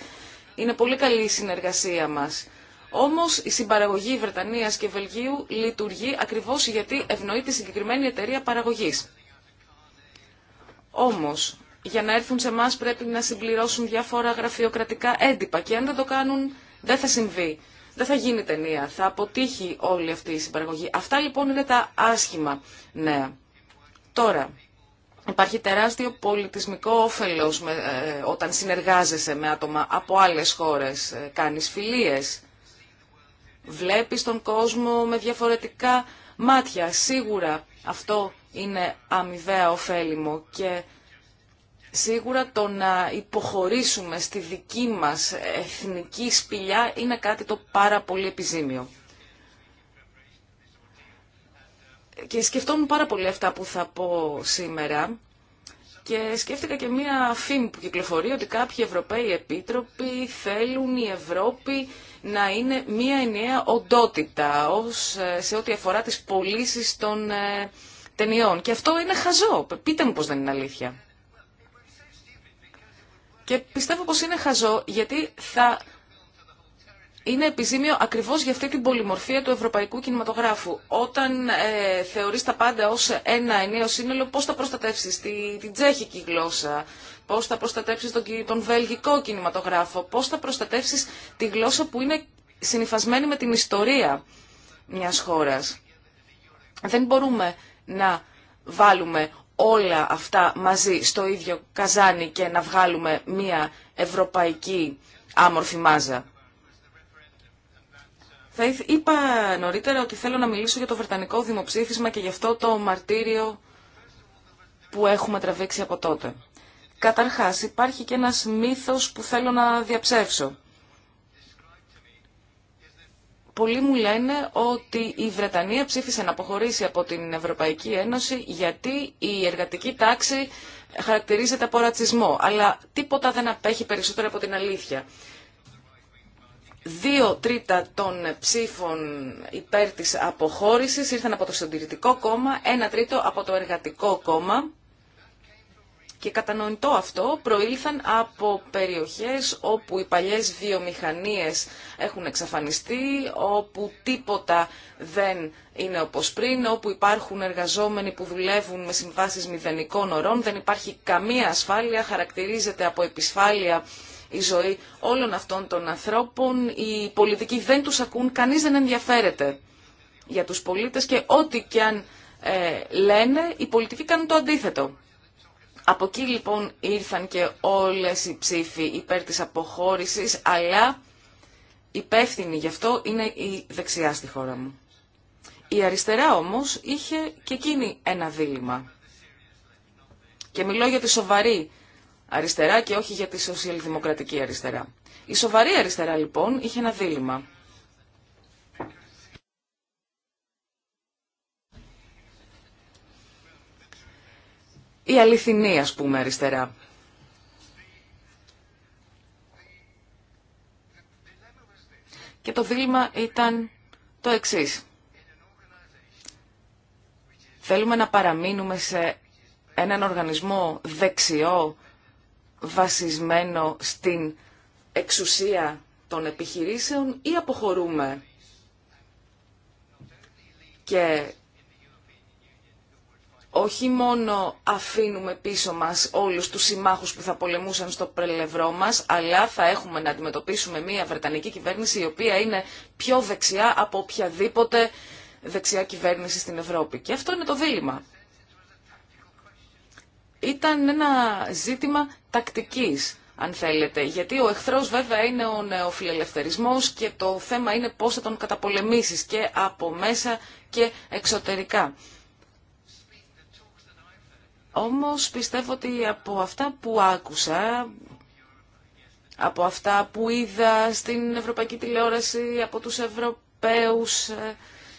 S2: είναι πολύ καλή η συνεργασία μας. Όμως η συμπαραγωγή Βρετανίας και Βελγίου λειτουργεί ακριβώς γιατί ευνοεί τη συγκεκριμένη εταιρεία παραγωγής. Όμως, για να έρθουν σε εμά πρέπει να συμπληρώσουν διάφορα γραφειοκρατικά έντυπα και αν δεν το κάνουν δεν θα συμβεί δεν θα γίνει ταινία, θα αποτύχει όλη αυτή η συμπαραγωγή. Αυτά λοιπόν είναι τα άσχημα νέα. Τώρα, υπάρχει τεράστιο πολιτισμικό όφελος ε, όταν συνεργάζεσαι με άτομα από άλλες χώρες, ε, κάνεις φιλίες, βλέπεις τον κόσμο με διαφορετικά μάτια. Σίγουρα αυτό είναι αμοιβαία ωφέλιμο και Σίγουρα το να υποχωρήσουμε στη δική μας εθνική σπηλιά είναι κάτι το πάρα πολύ επιζήμιο. Και σκεφτόμουν πάρα πολύ αυτά που θα πω σήμερα και σκέφτηκα και μία φήμη που κυκλοφορεί ότι κάποιοι Ευρωπαίοι επίτροποι θέλουν η Ευρώπη να είναι μία ενιαία οντότητα ως, ε, σε ό,τι αφορά τις πωλήσει των ε, ταινιών. Και αυτό είναι χαζό. Πείτε μου πως δεν είναι αλήθεια. Και πιστεύω πως είναι χαζό γιατί θα είναι επιζήμιο ακριβώς για αυτή την πολυμορφία του ευρωπαϊκού κινηματογράφου. Όταν ε, θεωρείς τα πάντα ως ένα ενίο σύνολο, πώς θα προστατεύσεις τη, την τσέχικη γλώσσα, πώς θα προστατεύσεις τον, βελγικό κινηματογράφο, πώς θα προστατεύσεις τη γλώσσα που είναι συνειφασμένη με την ιστορία μιας χώρας. Δεν μπορούμε να βάλουμε όλα αυτά μαζί στο ίδιο καζάνι και να βγάλουμε μία ευρωπαϊκή άμορφη μάζα. Θα είπα νωρίτερα ότι θέλω να μιλήσω για το Βρετανικό δημοψήφισμα και γι' αυτό το μαρτύριο που έχουμε τραβήξει από τότε. Καταρχάς υπάρχει και ένας μύθος που θέλω να διαψεύσω πολλοί μου λένε ότι η Βρετανία ψήφισε να αποχωρήσει από την Ευρωπαϊκή Ένωση γιατί η εργατική τάξη χαρακτηρίζεται από ρατσισμό. Αλλά τίποτα δεν απέχει περισσότερο από την αλήθεια. Δύο τρίτα των ψήφων υπέρ της αποχώρησης ήρθαν από το Συντηρητικό Κόμμα, ένα τρίτο από το Εργατικό Κόμμα και κατανοητό αυτό προήλθαν από περιοχές όπου οι παλιές βιομηχανίες έχουν εξαφανιστεί, όπου τίποτα δεν είναι όπως πριν, όπου υπάρχουν εργαζόμενοι που δουλεύουν με συμβάσεις μηδενικών ορών, δεν υπάρχει καμία ασφάλεια, χαρακτηρίζεται από επισφάλεια η ζωή όλων αυτών των ανθρώπων, οι πολιτικοί δεν τους ακούν, κανείς δεν ενδιαφέρεται για τους πολίτες και ό,τι και αν ε, λένε, οι πολιτικοί κάνουν το αντίθετο. Από εκεί λοιπόν ήρθαν και όλες οι ψήφοι υπέρ της αποχώρησης, αλλά υπεύθυνη γι' αυτό είναι η δεξιά στη χώρα μου. Η αριστερά όμως είχε και εκείνη ένα δίλημα. Και μιλώ για τη σοβαρή αριστερά και όχι για τη σοσιαλδημοκρατική αριστερά. Η σοβαρή αριστερά λοιπόν είχε ένα δίλημα. η αληθινή ας πούμε αριστερά. Και το δίλημα ήταν το εξής. Θέλουμε να παραμείνουμε σε έναν οργανισμό δεξιό, βασισμένο στην εξουσία των επιχειρήσεων ή αποχωρούμε και όχι μόνο αφήνουμε πίσω μας όλους τους συμμάχους που θα πολεμούσαν στο πλευρό μας, αλλά θα έχουμε να αντιμετωπίσουμε μια Βρετανική κυβέρνηση η οποία είναι πιο δεξιά από οποιαδήποτε δεξιά κυβέρνηση στην Ευρώπη. Και αυτό είναι το δίλημα. Ήταν ένα ζήτημα τακτικής, αν θέλετε, γιατί ο εχθρός βέβαια είναι ο νεοφιλελευθερισμός και το θέμα είναι πώς θα τον καταπολεμήσεις και από μέσα και εξωτερικά. Όμως πιστεύω ότι από αυτά που άκουσα, από αυτά που είδα στην Ευρωπαϊκή Τηλεόραση, από τους Ευρωπαίους ε,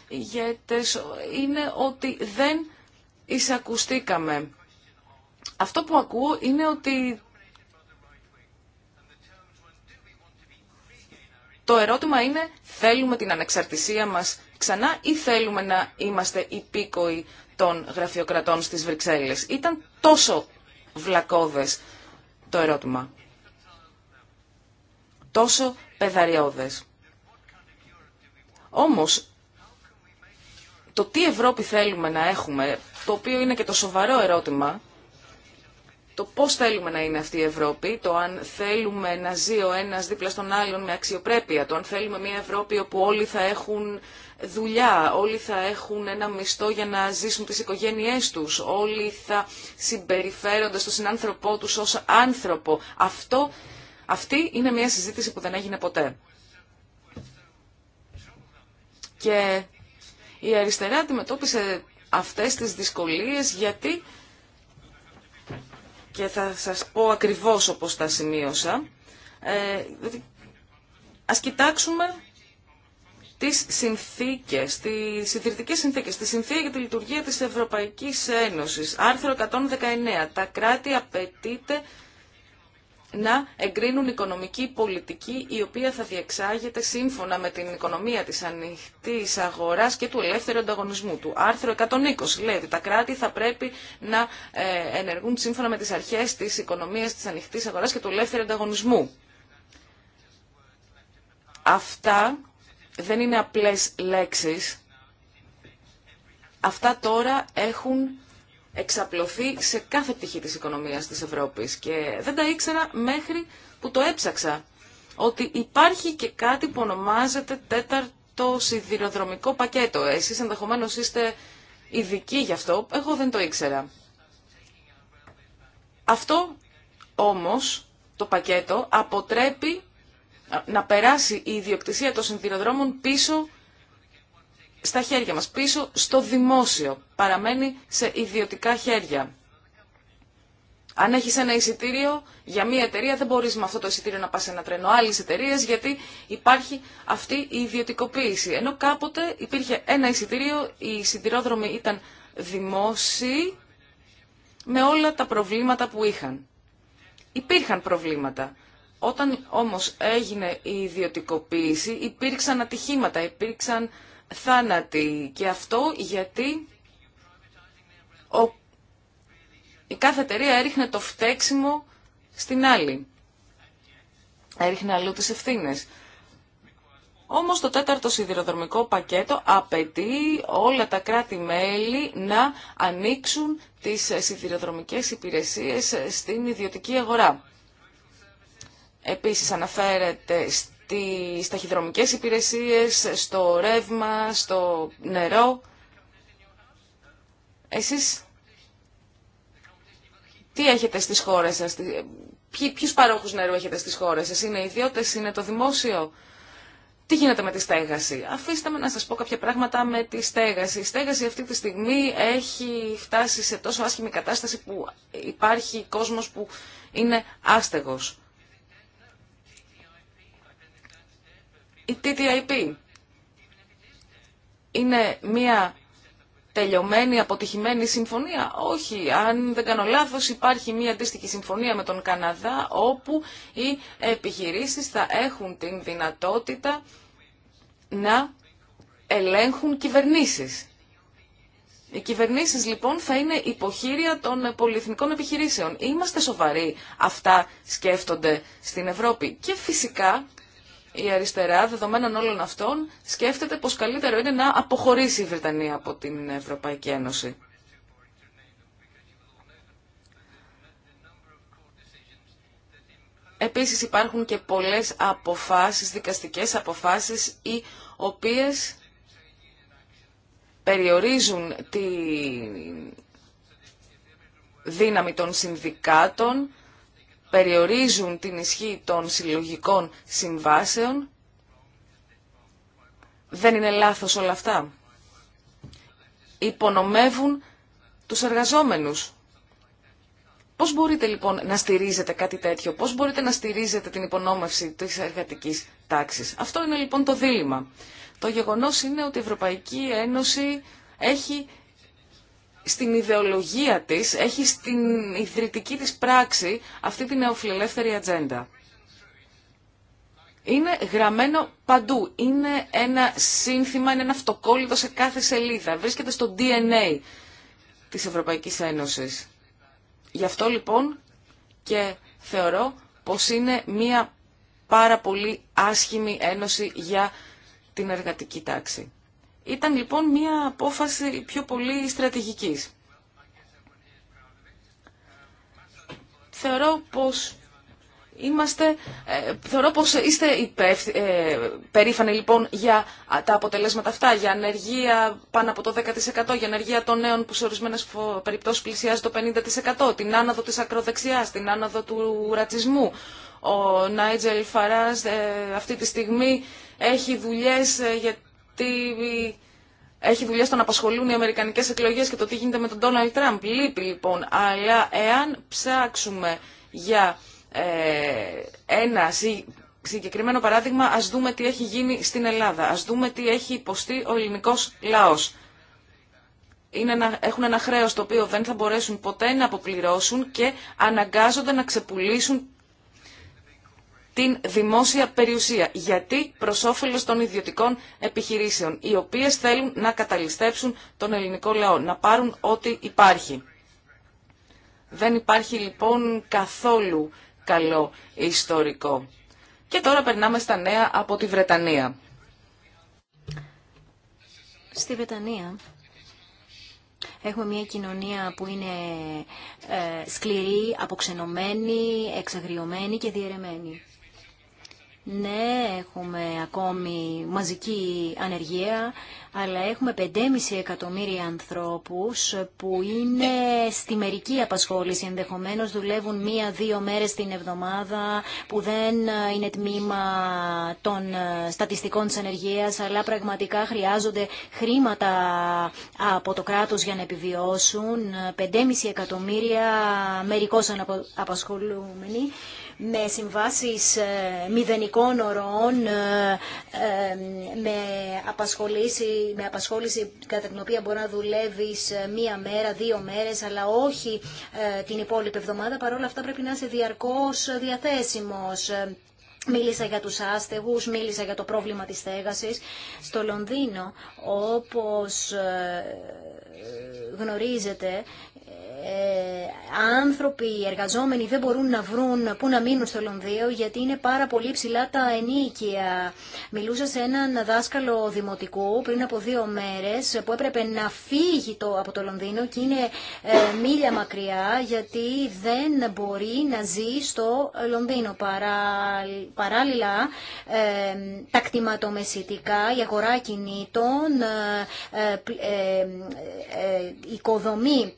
S2: ηγέτες, είναι ότι δεν εισακουστήκαμε. Αυτό που ακούω είναι ότι το ερώτημα είναι θέλουμε την ανεξαρτησία μας ξανά ή θέλουμε να είμαστε υπήκοοι των γραφειοκρατών στις Βρυξέλλες. Ήταν τόσο βλακώδες το ερώτημα. Τόσο πεδαριώδες. Όμως, το τι Ευρώπη θέλουμε να έχουμε, το οποίο είναι και το σοβαρό ερώτημα, το πώς θέλουμε να είναι αυτή η Ευρώπη, το αν θέλουμε να ζει ο ένας δίπλα στον άλλον με αξιοπρέπεια, το αν θέλουμε μια Ευρώπη όπου όλοι θα έχουν δουλειά, όλοι θα έχουν ένα μισθό για να ζήσουν τις οικογένειές τους, όλοι θα συμπεριφέρονται στον συνάνθρωπό τους ως άνθρωπο. Αυτό, αυτή είναι μια συζήτηση που δεν έγινε ποτέ. Και η αριστερά αντιμετώπισε αυτές τις δυσκολίες γιατί, και θα σας πω ακριβώς όπως τα σημείωσα, ε, δηλαδή, ας κοιτάξουμε τις συνθήκες, τι ιδρυτικές συνθήκες, τη συνθήκη για τη λειτουργία της Ευρωπαϊκής Ένωσης. Άρθρο 119. Τα κράτη απαιτείται να εγκρίνουν οικονομική πολιτική η οποία θα διεξάγεται σύμφωνα με την οικονομία της ανοιχτής αγοράς και του ελεύθερου ανταγωνισμού του. Άρθρο 120 λέει ότι τα κράτη θα πρέπει να ε, ενεργούν σύμφωνα με τις αρχές της οικονομίας της ανοιχτής αγοράς και του ελεύθερου ανταγωνισμού. Αυτά δεν είναι απλές λέξεις. Αυτά τώρα έχουν εξαπλωθεί σε κάθε πτυχή της οικονομίας της Ευρώπης και δεν τα ήξερα μέχρι που το έψαξα ότι υπάρχει και κάτι που ονομάζεται τέταρτο σιδηροδρομικό πακέτο. Εσείς ενδεχομένως είστε ειδικοί γι' αυτό, εγώ δεν το ήξερα. Αυτό όμως το πακέτο αποτρέπει να περάσει η ιδιοκτησία των συνδυνοδρόμων πίσω στα χέρια μας, πίσω στο δημόσιο. Παραμένει σε ιδιωτικά χέρια. Αν έχει ένα εισιτήριο για μία εταιρεία, δεν μπορεί με αυτό το εισιτήριο να πα σε ένα τρένο άλλη εταιρεία, γιατί υπάρχει αυτή η ιδιωτικοποίηση. Ενώ κάποτε υπήρχε ένα εισιτήριο, οι συντηρόδρομοι ήταν δημόσιοι, με όλα τα προβλήματα που είχαν. Υπήρχαν προβλήματα. Όταν όμως έγινε η ιδιωτικοποίηση υπήρξαν ατυχήματα, υπήρξαν θάνατοι και αυτό γιατί η κάθε εταιρεία έριχνε το φταίξιμο στην άλλη. Έριχνε αλλού τις ευθύνες. Όμως το τέταρτο σιδηροδρομικό πακέτο απαιτεί όλα τα κράτη-μέλη να ανοίξουν τις σιδηροδρομικές υπηρεσίες στην ιδιωτική αγορά. Επίσης αναφέρεται στις ταχυδρομικές υπηρεσίες, στο ρεύμα, στο νερό. Εσείς τι έχετε στις χώρες σας, Ποιου ποιους παρόχους νερού έχετε στις χώρες σας, είναι ιδιώτες, είναι το δημόσιο. Τι γίνεται με τη στέγαση. Αφήστε με να σας πω κάποια πράγματα με τη στέγαση. Η στέγαση αυτή τη στιγμή έχει φτάσει σε τόσο άσχημη κατάσταση που υπάρχει κόσμος που είναι άστεγος. Η TTIP είναι μια τελειωμένη, αποτυχημένη συμφωνία. Όχι, αν δεν κάνω λάθος υπάρχει μια αντίστοιχη συμφωνία με τον Καναδά όπου οι επιχειρήσεις θα έχουν την δυνατότητα να ελέγχουν κυβερνήσεις. Οι κυβερνήσεις λοιπόν θα είναι υποχείρια των πολυεθνικών επιχειρήσεων. Είμαστε σοβαροί. Αυτά σκέφτονται στην Ευρώπη. Και φυσικά η αριστερά, δεδομένων όλων αυτών, σκέφτεται πως καλύτερο είναι να αποχωρήσει η Βρετανία από την Ευρωπαϊκή Ένωση. Επίσης υπάρχουν και πολλές αποφάσεις, δικαστικές αποφάσεις, οι οποίες περιορίζουν τη δύναμη των συνδικάτων, περιορίζουν την ισχύ των συλλογικών συμβάσεων. Δεν είναι λάθος όλα αυτά. Υπονομεύουν τους εργαζόμενους. Πώς μπορείτε λοιπόν να στηρίζετε κάτι τέτοιο, πώς μπορείτε να στηρίζετε την υπονόμευση της εργατικής τάξης. Αυτό είναι λοιπόν το δίλημα. Το γεγονός είναι ότι η Ευρωπαϊκή Ένωση έχει στην ιδεολογία της, έχει στην ιδρυτική της πράξη αυτή την νεοφιλελεύθερη ατζέντα. Είναι γραμμένο παντού. Είναι ένα σύνθημα, είναι ένα αυτοκόλλητο σε κάθε σελίδα. Βρίσκεται στο DNA της Ευρωπαϊκής Ένωσης. Γι' αυτό λοιπόν και θεωρώ πως είναι μία πάρα πολύ άσχημη ένωση για την εργατική τάξη. Ήταν λοιπόν μια απόφαση πιο πολύ στρατηγικής. Θεωρώ πως Είμαστε, ε, θεωρώ πως είστε ε, περήφανοι λοιπόν για τα αποτελέσματα αυτά, για ανεργία πάνω από το 10%, για ανεργία των νέων που σε ορισμένες περιπτώσεις πλησιάζει το 50%, την άναδο της ακροδεξιάς, την άναδο του ρατσισμού. Ο Νάιτζελ Φαράς ε, αυτή τη στιγμή έχει δουλειές για τι έχει δουλειά στο να απασχολούν οι αμερικανικέ εκλογέ και το τι γίνεται με τον Ντόναλτ Τραμπ. Λείπει λοιπόν, αλλά εάν ψάξουμε για ε, ένα συγκεκριμένο παράδειγμα, ας δούμε τι έχει γίνει στην Ελλάδα, ας δούμε τι έχει υποστεί ο ελληνικός λαός. Είναι έχουν ένα χρέος το οποίο δεν θα μπορέσουν ποτέ να αποπληρώσουν και αναγκάζονται να ξεπουλήσουν την δημόσια περιουσία. Γιατί προ όφελο των ιδιωτικών επιχειρήσεων, οι οποίες θέλουν να καταλυστέψουν τον ελληνικό λαό, να πάρουν ό,τι υπάρχει. Δεν υπάρχει λοιπόν καθόλου καλό ιστορικό. Και τώρα περνάμε στα νέα από τη Βρετανία.
S3: Στη Βρετανία Έχουμε μια κοινωνία που είναι ε, σκληρή, αποξενωμένη, εξαγριωμένη και διαιρεμένη. Ναι, έχουμε ακόμη μαζική ανεργία, αλλά έχουμε 5,5 εκατομμύρια ανθρώπους που είναι στη μερική απασχόληση. Ενδεχομένως δουλεύουν μία-δύο μέρες την εβδομάδα που δεν είναι τμήμα των στατιστικών της ανεργίας, αλλά πραγματικά χρειάζονται χρήματα από το κράτος για να επιβιώσουν. 5,5 εκατομμύρια μερικώς απασχολούμενοι με συμβάσεις ε, μηδενικών ορών, ε, ε, με, απασχόληση, με απασχόληση κατά την οποία μπορεί να δουλεύεις μία μέρα, δύο μέρες, αλλά όχι την υπόλοιπη εβδομάδα. παρόλα αυτά πρέπει να είσαι διαρκώς διαθέσιμος. Μίλησα για τους άστεγους, μίλησα για το πρόβλημα της στέγασης. Στο Λονδίνο, όπως γνωρίζετε, ε, άνθρωποι, εργαζόμενοι δεν μπορούν να βρουν πού να μείνουν στο Λονδίο γιατί είναι πάρα πολύ ψηλά τα ενίκια. Μιλούσα σε έναν δάσκαλο δημοτικού πριν από δύο μέρες που έπρεπε να φύγει το, από το Λονδίνο και είναι ε, μίλια μακριά γιατί δεν μπορεί να ζει στο Λονδίνο. παράλληλα, ε, τα κτηματομεσητικά, η αγορά κινήτων, ε, οικοδομή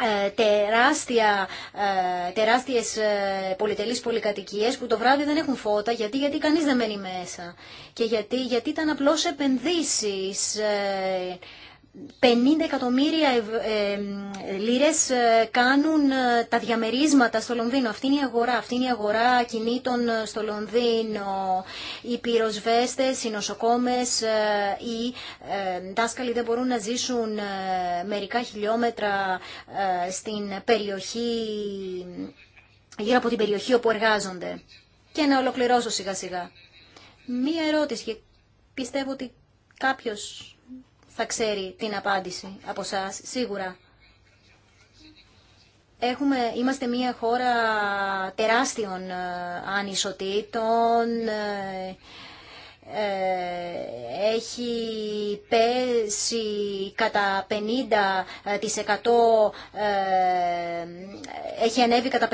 S3: ε, τεράστια, ε, τεράστιες ε, πολυτελείς πολυκατοικίες που το βράδυ δεν έχουν φώτα γιατί, γιατί κανείς δεν μένει μέσα και γιατί, γιατί ήταν απλώς επενδύσεις 50 εκατομμύρια λίρες ε, κάνουν ε, τα διαμερίσματα στο Λονδίνο. Αυτή είναι η αγορά. Αυτή είναι η αγορά κινήτων ε, στο Λονδίνο. Οι πυροσβέστες, οι νοσοκόμες, οι δάσκαλοι δεν μπορούν να ζήσουν μερικά χιλιόμετρα στην περιοχή, γύρω από την περιοχή όπου εργάζονται. Και να ολοκληρώσω σιγά σιγά. Μία ερώτηση και πιστεύω ότι κάποιος θα ξέρει την απάντηση από εσά, σίγουρα. Έχουμε, είμαστε μια χώρα τεράστιων ε, ανισοτήτων, ε, ε, έχει πέσει κατά 50% ε, ε, έχει ανέβει κατά 50%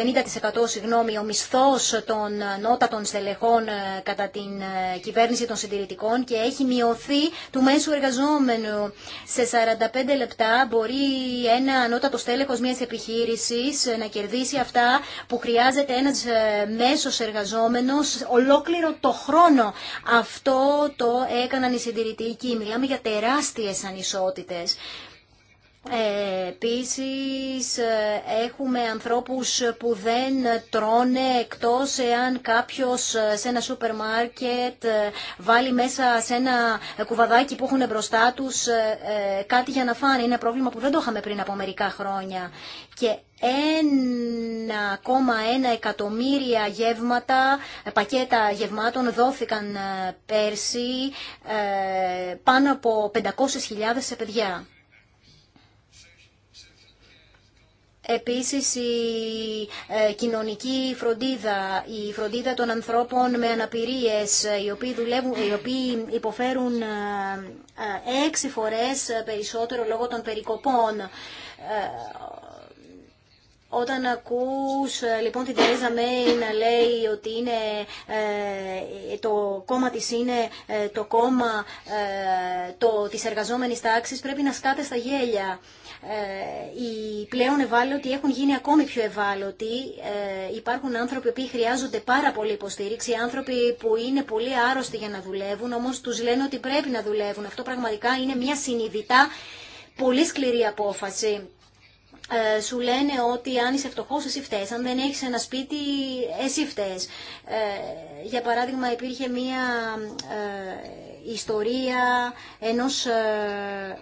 S3: συγγνώμη, ο μισθός των νότατων στελεχών κατά την κυβέρνηση των συντηρητικών και έχει μειωθεί του μέσου εργαζόμενου. Σε 45 λεπτά μπορεί ένα νότατο στέλεχος μιας επιχείρησης να κερδίσει αυτά που χρειάζεται ένας μέσος εργαζόμενος ολόκληρο το χρόνο. Αυτό το έκαναν οι συντηρητικοί. Μιλάμε για τεράστιες ανισότητες. Ε, επίσης ε, έχουμε ανθρώπους που δεν τρώνε εκτός εάν κάποιος ε, σε ένα σούπερ μάρκετ ε, βάλει μέσα σε ένα κουβαδάκι που έχουν μπροστά τους κάτι για να φάνε. Είναι ένα πρόβλημα που δεν το είχαμε πριν από μερικά χρόνια. Και 1,1 εκατομμύρια γεύματα, πακέτα γευμάτων δόθηκαν ε, πέρσι ε, πάνω από 500.000 σε παιδιά. Επίσης η ε, κοινωνική φροντίδα, η φροντίδα των ανθρώπων με αναπηρίες, οι οποίοι, δουλεύουν, οι οποίοι υποφέρουν έξι φορές περισσότερο λόγω των περικοπών. Όταν ακούς ε, λοιπόν την Τερέζα Μέη να ε, λέει ότι είναι, ε, το κόμμα της είναι το κόμμα ε, το, της εργαζόμενης τάξης, πρέπει να σκάτε στα γέλια. Οι πλέον ευάλωτοι έχουν γίνει ακόμη πιο ευάλωτοι. Υπάρχουν άνθρωποι που χρειάζονται πάρα πολύ υποστήριξη, άνθρωποι που είναι πολύ άρρωστοι για να δουλεύουν, όμως τους λένε ότι πρέπει να δουλεύουν. Αυτό πραγματικά είναι μια συνειδητά πολύ σκληρή απόφαση ε, σου λένε ότι αν είσαι φτωχό, εσύ φταίει. Αν δεν έχει ένα σπίτι, εσύ φταίει. για παράδειγμα, υπήρχε μία ε, ιστορία ενός ε,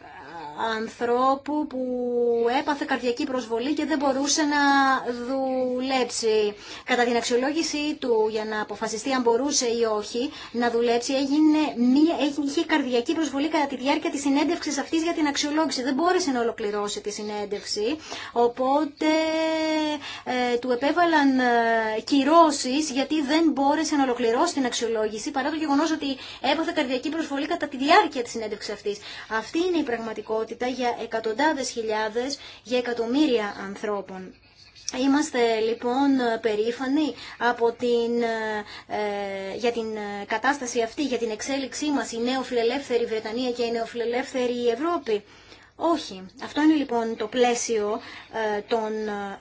S3: ανθρώπου που έπαθε καρδιακή προσβολή και δεν μπορούσε να δουλέψει. Κατά την αξιολόγησή του για να αποφασιστεί αν μπορούσε ή όχι να δουλέψει έγινε είχε καρδιακή προσβολή κατά τη διάρκεια της συνέντευξης αυτής για την αξιολόγηση. Δεν μπόρεσε να ολοκληρώσει τη συνέντευξη, οπότε ε, του επέβαλαν ε, κυρώσεις γιατί δεν μπόρεσε να ολοκληρώσει την αξιολόγηση παρά το γεγονός ότι έπαθε καρδιακή προσβολή κατά τη διάρκεια της συνέντευξης αυτής. Αυτή είναι η πραγματικότητα για εκατοντάδες χιλιάδες, για εκατομμύρια ανθρώπων. Είμαστε λοιπόν περήφανοι από την, ε, για την κατάσταση αυτή, για την εξέλιξή μας, η νεοφιλελεύθερη Βρετανία και η νεοφιλελεύθερη Ευρώπη. Όχι. Αυτό είναι λοιπόν το πλαίσιο ε, των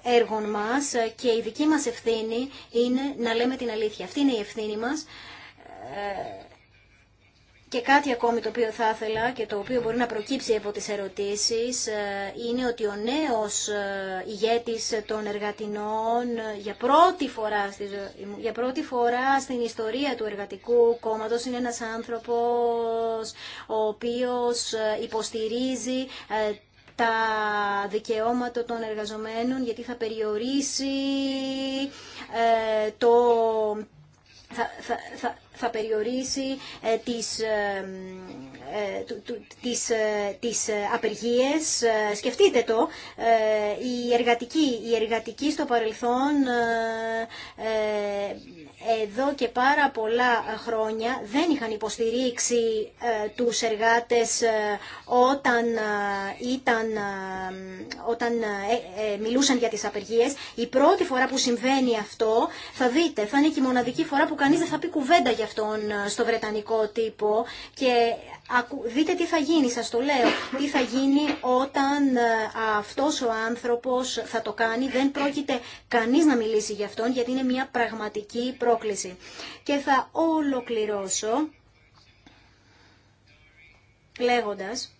S3: έργων μας και η δική μας ευθύνη είναι να λέμε την αλήθεια. Αυτή είναι η ευθύνη μας. Ε, και κάτι ακόμη το οποίο θα ήθελα και το οποίο μπορεί να προκύψει από τις ερωτήσεις ε, είναι ότι ο νέος ε, ηγέτης των εργατινών ε, για πρώτη φορά, στη για πρώτη φορά στην ιστορία του εργατικού κόμματος είναι ένας άνθρωπος ο οποίος υποστηρίζει τα δικαιώματα των εργαζομένων γιατί θα περιορίσει το θα, θα, θα, περιορίσει ε, τις ε, ε, τις, ε, τις ε, απεργίες. Σκεφτείτε το, οι εργατικοί η εργατικοί στο παρελθόν εδώ και πάρα πολλά χρόνια δεν είχαν υποστηρίξει τους εργάτες όταν, ήταν, όταν μιλούσαν για τις απεργίες. Η πρώτη φορά που συμβαίνει αυτό θα δείτε, θα είναι και η μοναδική φορά που κανείς δεν θα πει κουβέντα για αυτόν στο Βρετανικό τύπο και Δείτε τι θα γίνει, σας το λέω. Τι θα γίνει όταν ε, αυτός ο άνθρωπος θα το κάνει. Δεν πρόκειται κανείς να μιλήσει για αυτόν, γιατί είναι μια πραγματική πρόκληση. Και θα ολοκληρώσω λέγοντας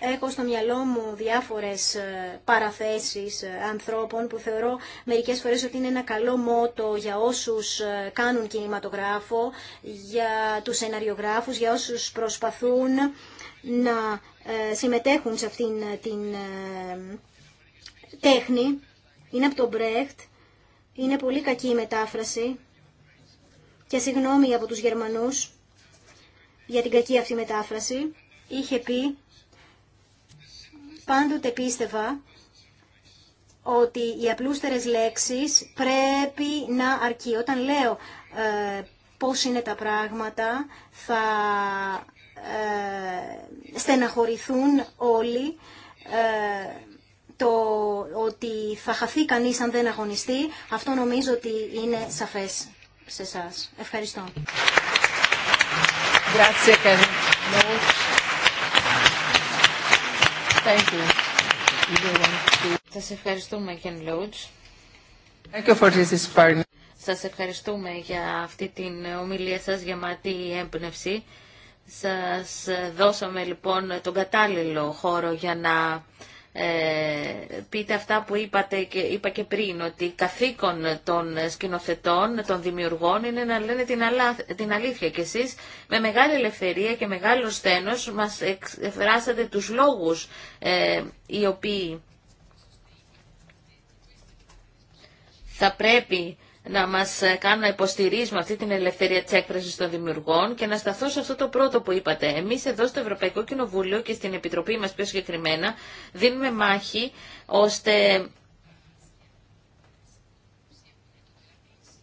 S3: έχω στο μυαλό μου διάφορες ε, παραθέσεις ε, ανθρώπων που θεωρώ μερικές φορές ότι είναι ένα καλό μότο για όσους ε, κάνουν κινηματογράφο, για τους σεναριογράφους, για όσους προσπαθούν να συμμετέχουν σε αυτήν την τέχνη. Είναι από τον Μπρέχτ, είναι πολύ κακή η μετάφραση και συγγνώμη από τους Γερμανούς για την κακή αυτή μετάφραση. Είχε πει Πάντοτε πίστευα ότι οι απλούστερες λέξεις πρέπει να αρκεί. Όταν λέω ε, πώς είναι τα πράγματα, θα ε, στεναχωρηθούν όλοι ε, το ότι θα χαθεί κανείς αν δεν αγωνιστεί. Αυτό νομίζω ότι είναι σαφές σε εσά. Ευχαριστώ.
S1: Thank Σας ευχαριστούμε, σας ευχαριστούμε για αυτή την ομιλία σας γεμάτη έμπνευση. Σας δώσαμε λοιπόν τον κατάλληλο χώρο για να ε, πείτε αυτά που είπατε και είπα και πριν, ότι καθήκον των σκηνοθετών, των δημιουργών είναι να λένε την, την αλήθεια. Και εσείς με μεγάλη ελευθερία και μεγάλο στένος μας εκφράσατε τους λόγους ε, οι οποίοι θα πρέπει να μας ε, κάνουν να υποστηρίζουμε αυτή την ελευθερία της έκφρασης των δημιουργών και να σταθώ σε αυτό το πρώτο που είπατε. Εμείς εδώ στο Ευρωπαϊκό Κοινοβούλιο και στην Επιτροπή μας πιο συγκεκριμένα δίνουμε μάχη ώστε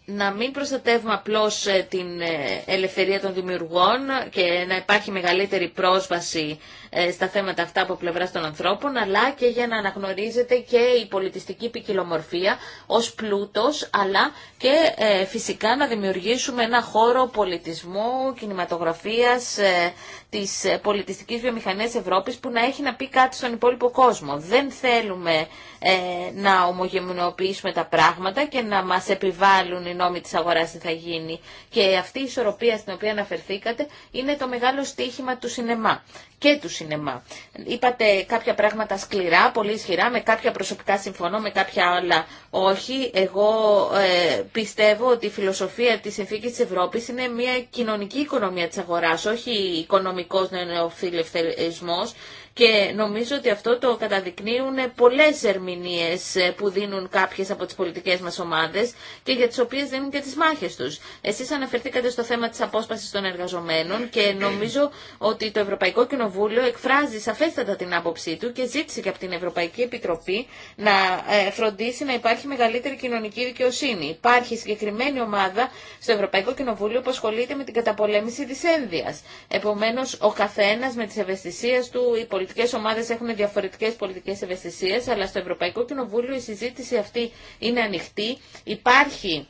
S1: να μην προστατεύουμε απλώς ε, την ε, ελευθερία των δημιουργών και να υπάρχει μεγαλύτερη πρόσβαση ε, στα θέματα αυτά από πλευρά των ανθρώπων, αλλά και για να αναγνωρίζεται και η πολιτιστική ποικιλομορφία ως πλούτος, αλλά και ε, φυσικά να δημιουργήσουμε ένα χώρο πολιτισμού, κινηματογραφίας, ε, της πολιτιστικής βιομηχανίας Ευρώπης που να έχει να πει κάτι στον υπόλοιπο κόσμο. Δεν θέλουμε ε, να ομογενοποιήσουμε τα πράγματα και να μας επιβάλλουν οι νόμοι της αγοράς τι θα γίνει. Και αυτή η ισορροπία στην οποία αναφερθήκατε είναι το μεγάλο στίχημα του σινεμά και του σινεμά. Είπατε κάποια πράγματα σκληρά, πολύ ισχυρά, με κάποια προσωπικά συμφωνώ, με κάποια άλλα όχι. Εγώ ε, πιστεύω ότι η φιλοσοφία της συνθήκης της Ευρώπης είναι μια κοινωνική οικονομία της αγοράς, όχι οικονομικός νεοφιλελευθερισμός. Και νομίζω ότι αυτό το καταδεικνύουν πολλές ερμηνείες που δίνουν κάποιες από τις πολιτικές μας ομάδες και για τις οποίες δίνουν και τις μάχες τους. Εσείς αναφερθήκατε στο θέμα της απόσπασης των εργαζομένων και ε, ε. νομίζω ότι το Ευρωπαϊκό Κοινοβούλιο εκφράζει σαφέστατα την άποψή του και ζήτησε και από την Ευρωπαϊκή Επιτροπή να ε, φροντίσει να υπάρχει μεγαλύτερη κοινωνική δικαιοσύνη. Υπάρχει συγκεκριμένη ομάδα στο Ευρωπαϊκό Κοινοβούλιο που ασχολείται με την καταπολέμηση της ένδυας. Επομένως, ο καθένας με τις ευαισθησίες του, η πολιτικέ ομάδες έχουν διαφορετικές πολιτικές ευαισθησίες, αλλά στο Ευρωπαϊκό Κοινοβούλιο η συζήτηση αυτή είναι ανοιχτή. Υπάρχει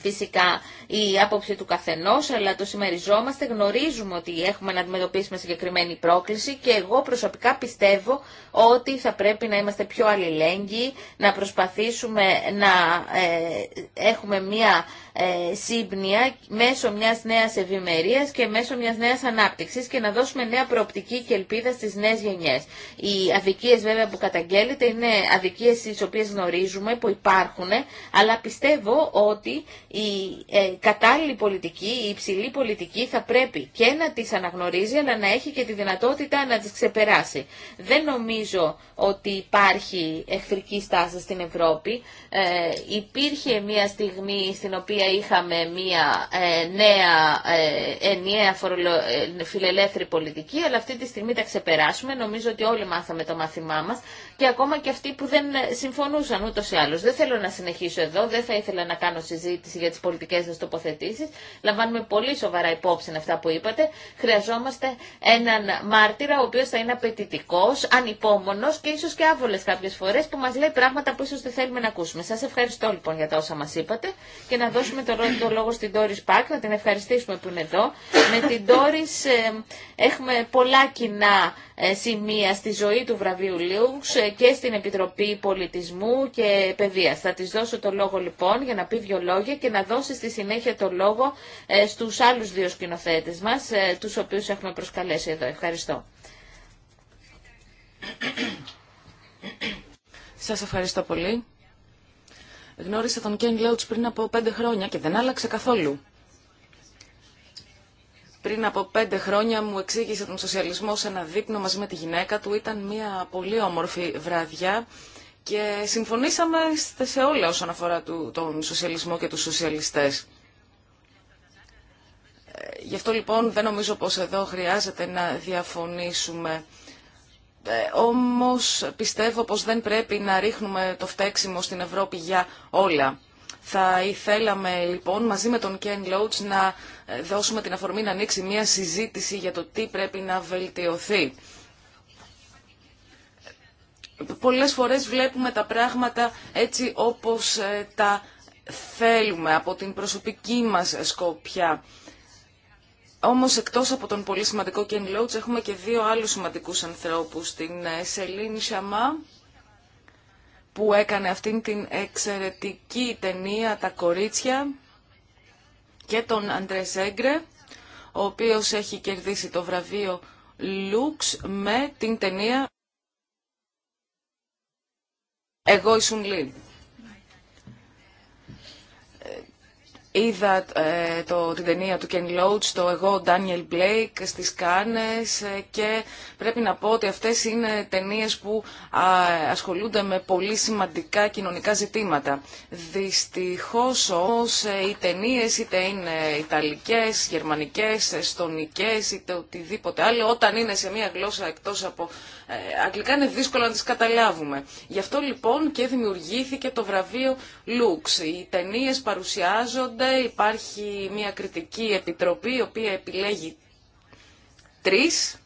S1: Φυσικά η άποψη του καθενό, αλλά το συμμεριζόμαστε, γνωρίζουμε ότι έχουμε να αντιμετωπίσουμε συγκεκριμένη πρόκληση και εγώ προσωπικά πιστεύω ότι θα πρέπει να είμαστε πιο αλληλέγγυοι, να προσπαθήσουμε να ε, έχουμε μια ε, σύμπνοια μέσω μιας νέας ευημερία και μέσω μιας νέας ανάπτυξης και να δώσουμε νέα προοπτική και ελπίδα στις νέες γενιές. Οι αδικίες βέβαια που καταγγέλλεται είναι αδικίες τις οποίες γνωρίζουμε, που υπάρχουν, αλλά πιστεύω ότι η ε, κατάλληλη πολιτική, η υψηλή πολιτική θα πρέπει και να τις αναγνωρίζει αλλά να έχει και τη δυνατότητα να τις ξεπεράσει. Δεν νομίζω ότι υπάρχει εχθρική στάση στην Ευρώπη. Ε, υπήρχε μια στιγμή στην οποία είχαμε μια ε, νέα ε, ενιαία φιλελεύθερη πολιτική αλλά αυτή τη στιγμή τα ξεπεράσουμε. Νομίζω ότι όλοι μάθαμε το μάθημά μας και ακόμα και αυτοί που δεν συμφωνούσαν ούτω ή άλλω. Δεν θέλω να συνεχίσω εδώ, δεν θα ήθελα να κάνω συζήτηση για τι πολιτικέ σα τοποθετήσει. Λαμβάνουμε πολύ σοβαρά υπόψη αυτά που είπατε. Χρειαζόμαστε έναν μάρτυρα ο οποίο θα είναι απαιτητικό, ανυπόμονο και ίσω και άβολε κάποιε φορέ που μα λέει πράγματα που ίσω δεν θέλουμε να ακούσουμε. Σα ευχαριστώ λοιπόν για τα όσα μα είπατε και να δώσουμε το λόγο στην Τόρι Πακ, να την ευχαριστήσουμε που είναι εδώ. Με την Τόρι ε, έχουμε πολλά κοινά ε, σημεία στη ζωή του βραβείου Λίουξ ε, και στην Επιτροπή Πολιτισμού και Παιδείας. Θα της δώσω το λόγο λοιπόν για να πει δυο λόγια και να δώσει στη συνέχεια το λόγο ε, στους άλλους δύο σκηνοθέτε μας, τους οποίους έχουμε προσκαλέσει εδώ. Ευχαριστώ.
S2: Σας ευχαριστώ πολύ. Γνώρισα τον Κέν Λότς πριν από πέντε χρόνια και δεν άλλαξε καθόλου πριν από πέντε χρόνια μου εξήγησε τον σοσιαλισμό σε ένα δείπνο μαζί με τη γυναίκα του. Ήταν μια πολύ όμορφη βραδιά και συμφωνήσαμε σε όλα όσον αφορά τον σοσιαλισμό και τους σοσιαλιστές. Ε, γι' αυτό λοιπόν δεν νομίζω πως εδώ χρειάζεται να διαφωνήσουμε. Ε, όμως πιστεύω πως δεν πρέπει να ρίχνουμε το φταίξιμο στην Ευρώπη για όλα. Θα ήθελαμε λοιπόν μαζί με τον Κέν Loach να ε, δώσουμε την αφορμή να ανοίξει μια συζήτηση για το τι πρέπει να βελτιωθεί. Πολλές φορές βλέπουμε τα πράγματα έτσι όπως ε, τα θέλουμε από την προσωπική μας σκοπιά. Όμως εκτός από τον πολύ σημαντικό Ken Loach έχουμε και δύο άλλους σημαντικούς ανθρώπους, την ε, Σελήνη Σαμά που έκανε αυτήν την εξαιρετική ταινία «Τα κορίτσια» και τον Αντρέ Σέγκρε, ο οποίος έχει κερδίσει το βραβείο Λουξ με την ταινία «Εγώ ήσουν Είδα ε, το, την ταινία του Ken Loach, το εγώ Daniel Blake στις Κάνες ε, και πρέπει να πω ότι αυτές είναι ταινίες που ασχολούνται με πολύ σημαντικά κοινωνικά ζητήματα. Δυστυχώς όμως ε, οι ταινίες είτε είναι ιταλικές, γερμανικές, εστονικές είτε οτιδήποτε άλλο όταν είναι σε μια γλώσσα εκτός από ε, αγγλικά είναι δύσκολο να τις καταλάβουμε. Γι' αυτό λοιπόν και δημιουργήθηκε το βραβείο Lux. Οι ταινίε παρουσιάζονται, υπάρχει μια κριτική επιτροπή η οποία επιλέγει τρεις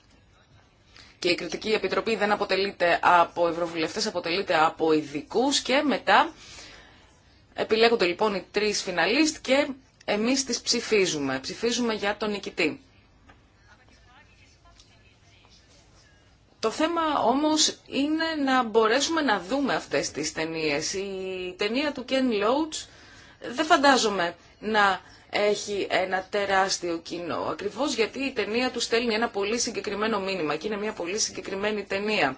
S2: και η κριτική επιτροπή δεν αποτελείται από ευρωβουλευτές, αποτελείται από ειδικού και μετά επιλέγονται λοιπόν οι τρεις φιναλίστ και εμείς τις ψηφίζουμε. Ψηφίζουμε για τον νικητή. Το θέμα όμως είναι να μπορέσουμε να δούμε αυτές τις ταινίες. Η ταινία του Ken Loach δεν φαντάζομαι να έχει ένα τεράστιο κοινό. Ακριβώς γιατί η ταινία του στέλνει ένα πολύ συγκεκριμένο μήνυμα και είναι μια πολύ συγκεκριμένη ταινία.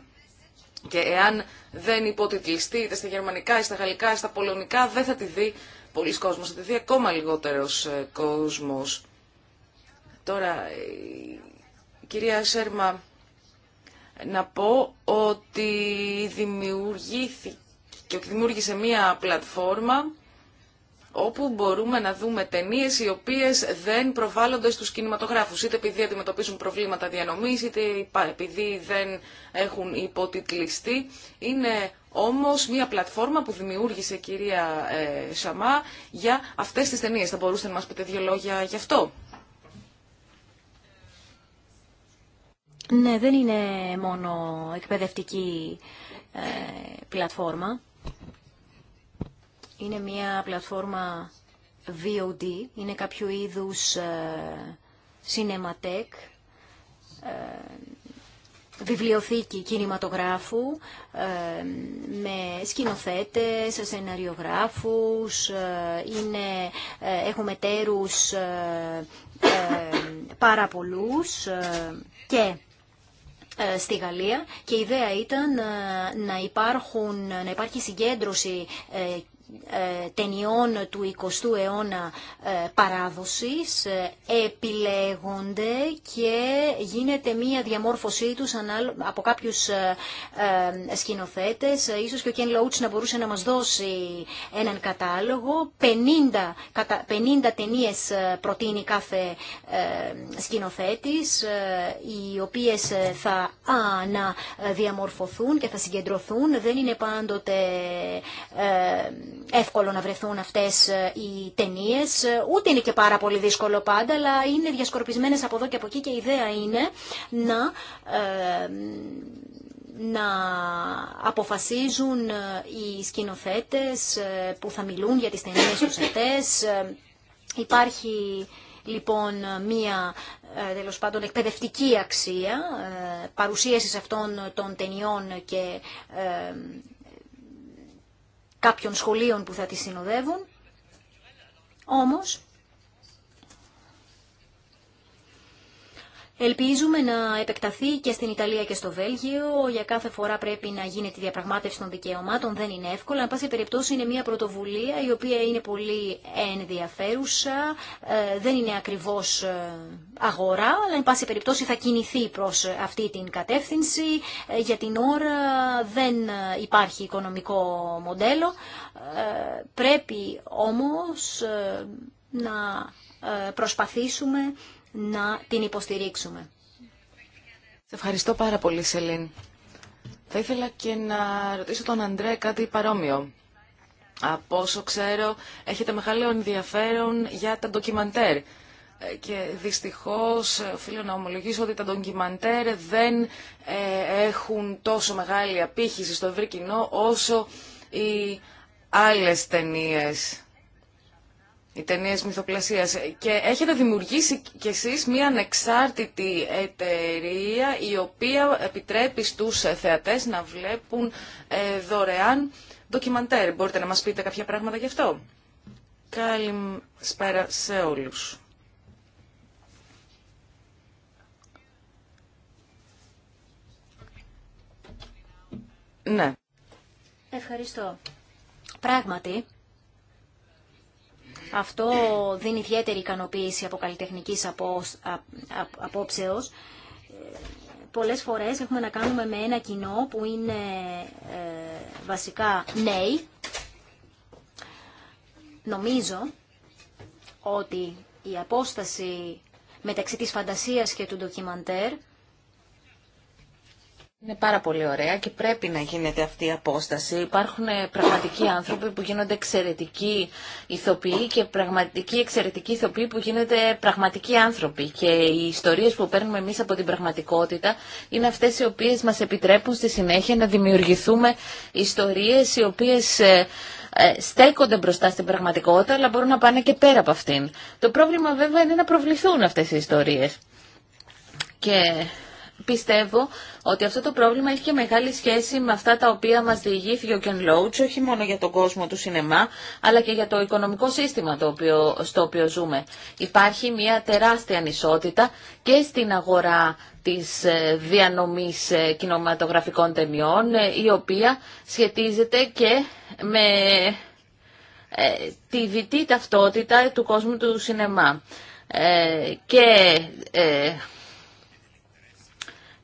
S2: Και εάν δεν υποτιτλιστεί είτε στα γερμανικά, είτε στα γαλλικά, είτε στα πολωνικά, δεν θα τη δει πολλοί κόσμος, θα τη δει ακόμα λιγότερος ε, κόσμος. Τώρα, κυρία Σέρμα να πω ότι δημιουργήθηκε και στου κινηματογράφου. Είτε επειδή αντιμετωπίζουν προβλήματα διανομή, είτε επειδή δεν έχουν υποτιτλιστεί. Είναι όμω μια πλατφόρμα που δημιούργησε η κυρία ε, Σαμά για αυτέ τι ταινίε. Θα μπορούσατε να μα πείτε δύο λόγια γι' αυτό.
S3: Ναι, δεν είναι μόνο εκπαιδευτική ε, πλατφόρμα. Είναι μια πλατφόρμα VOD, είναι κάποιο είδους σινεματέκ, ε, βιβλιοθήκη κινηματογράφου ε, με σκηνοθέτες, σεναριογράφους, είναι, έχουμε τέρους πάρα πολλούς και ε, στη Γαλλία και η ιδέα ήταν ε, να, υπάρχουν, να υπάρχει συγκέντρωση ε, ε, ταινιών του 20ου αιώνα ε, παράδοσης ε, επιλέγονται και γίνεται μία διαμόρφωσή τους από κάποιους σκηνοθέτες. Ίσως και ο Κεν Λαούτς να μπορούσε να μας δώσει έναν κατάλογο. 50, 50 ταινίες προτείνει κάθε σκηνοθέτης οι οποίες θα αναδιαμορφωθούν και θα συγκεντρωθούν. Δεν είναι πάντοτε εύκολο να βρεθούν αυτές ε, οι ταινίε. Ε, ούτε είναι και πάρα πολύ δύσκολο πάντα, αλλά είναι διασκορπισμένες από εδώ και από εκεί και η ιδέα είναι να να αποφασίζουν ε, οι σκηνοθέτες που θα μιλούν για τις ταινίες τους αυτές. Υπάρχει λοιπόν μία τέλο πάντων εκπαιδευτική αξία παρουσίασης αυτών των ταινιών και κάποιων σχολείων που θα τη συνοδεύουν. Όμως, Ελπίζουμε να επεκταθεί και στην Ιταλία και στο Βέλγιο. Για κάθε φορά πρέπει να γίνεται η διαπραγμάτευση των δικαιωμάτων. Δεν είναι εύκολο. Αν πάση περιπτώσει είναι μια πρωτοβουλία η οποία είναι πολύ ενδιαφέρουσα. Ε, δεν είναι ακριβώς ε, αγορά, αλλά εν πάση περιπτώσει θα κινηθεί προς αυτή την κατεύθυνση. Ε, για την ώρα δεν υπάρχει οικονομικό μοντέλο. Πρέπει όμως να προσπαθήσουμε να την υποστηρίξουμε.
S2: Σε ευχαριστώ πάρα πολύ, Σελήν. Θα ήθελα και να ρωτήσω τον Αντρέ κάτι παρόμοιο. Από όσο ξέρω, έχετε μεγάλο ενδιαφέρον για τα ντοκιμαντέρ. Ε, και δυστυχώς, ε, οφείλω να ομολογήσω ότι τα ντοκιμαντέρ δεν ε, έχουν τόσο μεγάλη απήχηση στο ευρύ κοινό όσο οι άλλες ταινίες οι ταινίε μυθοπλασία. Και έχετε δημιουργήσει κι εσεί μια ανεξάρτητη εταιρεία η οποία επιτρέπει στου θεατέ να βλέπουν ε, δωρεάν ντοκιμαντέρ. Μπορείτε να μα πείτε κάποια πράγματα γι' αυτό. Καλησπέρα σε όλους.
S3: Ναι. Ευχαριστώ. Πράγματι, αυτό δίνει ιδιαίτερη ικανοποίηση από καλλιτεχνικής απο, απόψεως. Πολλές φορές έχουμε να κάνουμε με ένα κοινό που είναι ε, βασικά νέοι. Νομίζω ότι η απόσταση μεταξύ της φαντασίας και του ντοκιμαντέρ είναι πάρα πολύ
S1: ωραία και πρέπει να γίνεται αυτή η απόσταση. Υπάρχουν ε, πραγματικοί άνθρωποι που γίνονται εξαιρετικοί ηθοποιοί και πραγματικοί εξαιρετικοί ηθοποιοί που γίνονται πραγματικοί άνθρωποι. Και οι ιστορίε που παίρνουμε εμεί από την πραγματικότητα είναι αυτέ οι οποίε μα επιτρέπουν στη συνέχεια να δημιουργηθούμε ιστορίε οι οποίε ε, ε, στέκονται μπροστά στην πραγματικότητα αλλά μπορούν να πάνε και πέρα από αυτήν. Το πρόβλημα βέβαια είναι να προβληθούν αυτέ οι ιστορίε. Και Πιστεύω ότι αυτό το πρόβλημα έχει και μεγάλη σχέση με αυτά τα οποία μας διηγήθηκε ο Κεν Λόουτς, όχι μόνο για τον κόσμο του σινεμά, αλλά και για το οικονομικό σύστημα το οποίο, στο οποίο ζούμε. Υπάρχει μια τεράστια ανισότητα και στην αγορά της ε, διανομής ε, κινηματογραφικών ταινιών, ε, η οποία σχετίζεται και με τη δυτή ταυτότητα του κόσμου του σινεμά. και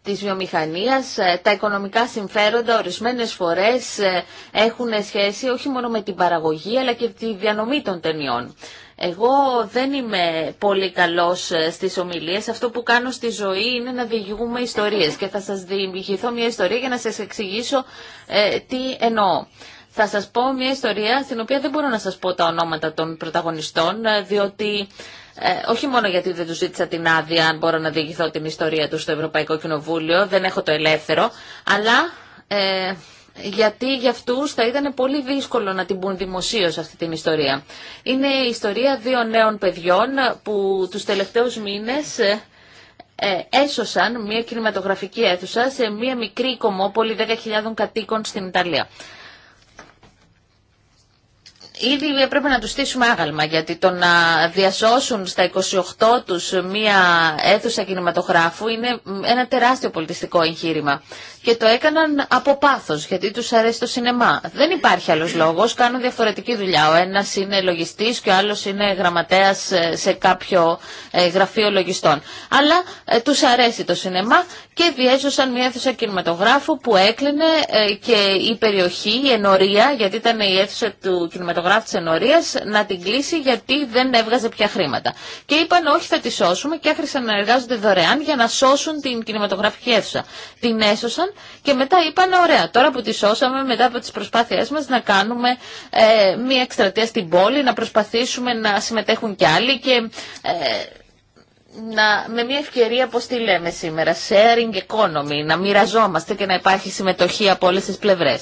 S1: της βιομηχανίας, ε, τα οικονομικά συμφέροντα ορισμένες φορές ε, έχουν σχέση όχι μόνο με την παραγωγή αλλά και τη διανομή των ταινιών. Εγώ δεν είμαι πολύ καλός ε, στις ομιλίες. Αυτό που κάνω στη ζωή είναι να διηγούμε ιστορίες και θα σας διηγηθώ μια ιστορία για να σας εξηγήσω τι εννοώ. Θα σας πω μια ιστορία στην οποία δεν μπορώ να σας πω τα ονόματα των πρωταγωνιστών διότι ε, όχι μόνο γιατί δεν του ζήτησα την άδεια αν μπορώ να διηγηθώ την ιστορία του στο Ευρωπαϊκό Κοινοβούλιο, δεν έχω το ελεύθερο, αλλά ε, γιατί για αυτούς θα ήταν πολύ δύσκολο να την πουν δημοσίως αυτή την ιστορία. Είναι η ιστορία δύο νέων παιδιών που τους τελευταίους μήνες ε, έσωσαν μια κινηματογραφική αίθουσα σε μια μικρή κομμόπολη 10.000 κατοίκων στην Ιταλία. Ήδη πρέπει να τους στήσουμε άγαλμα, γιατί το να διασώσουν στα 28 του μία αίθουσα κινηματογράφου είναι ένα τεράστιο πολιτιστικό εγχείρημα. Και το έκαναν από πάθος, γιατί τους αρέσει το σινεμά. Δεν υπάρχει άλλος λόγος, κάνουν διαφορετική δουλειά. Ο ένας είναι λογιστής και ο άλλος είναι γραμματέας ε, σε κάποιο ε, γραφείο λογιστών. Αλλά ε, τους αρέσει το σινεμά και διέσωσαν μία αίθουσα κινηματογράφου που έκλεινε και η περιοχή, η ενορία, γιατί ήταν η αίθουσα του κινηματογράφου τη να την κλείσει γιατί δεν έβγαζε πια χρήματα. Και είπαν όχι θα τη σώσουμε και άρχισαν να εργάζονται δωρεάν για να σώσουν την κινηματογραφική αίθουσα. Την έσωσαν και μετά είπαν ωραία τώρα που τη σώσαμε μετά από τις προσπάθειές μας να κάνουμε ε, μια εκστρατεία στην πόλη, να προσπαθήσουμε να συμμετέχουν κι άλλοι και ε, να, με μια ευκαιρία πώς τη λέμε σήμερα, sharing economy, να μοιραζόμαστε και να υπάρχει συμμετοχή από όλε τι πλευρέ.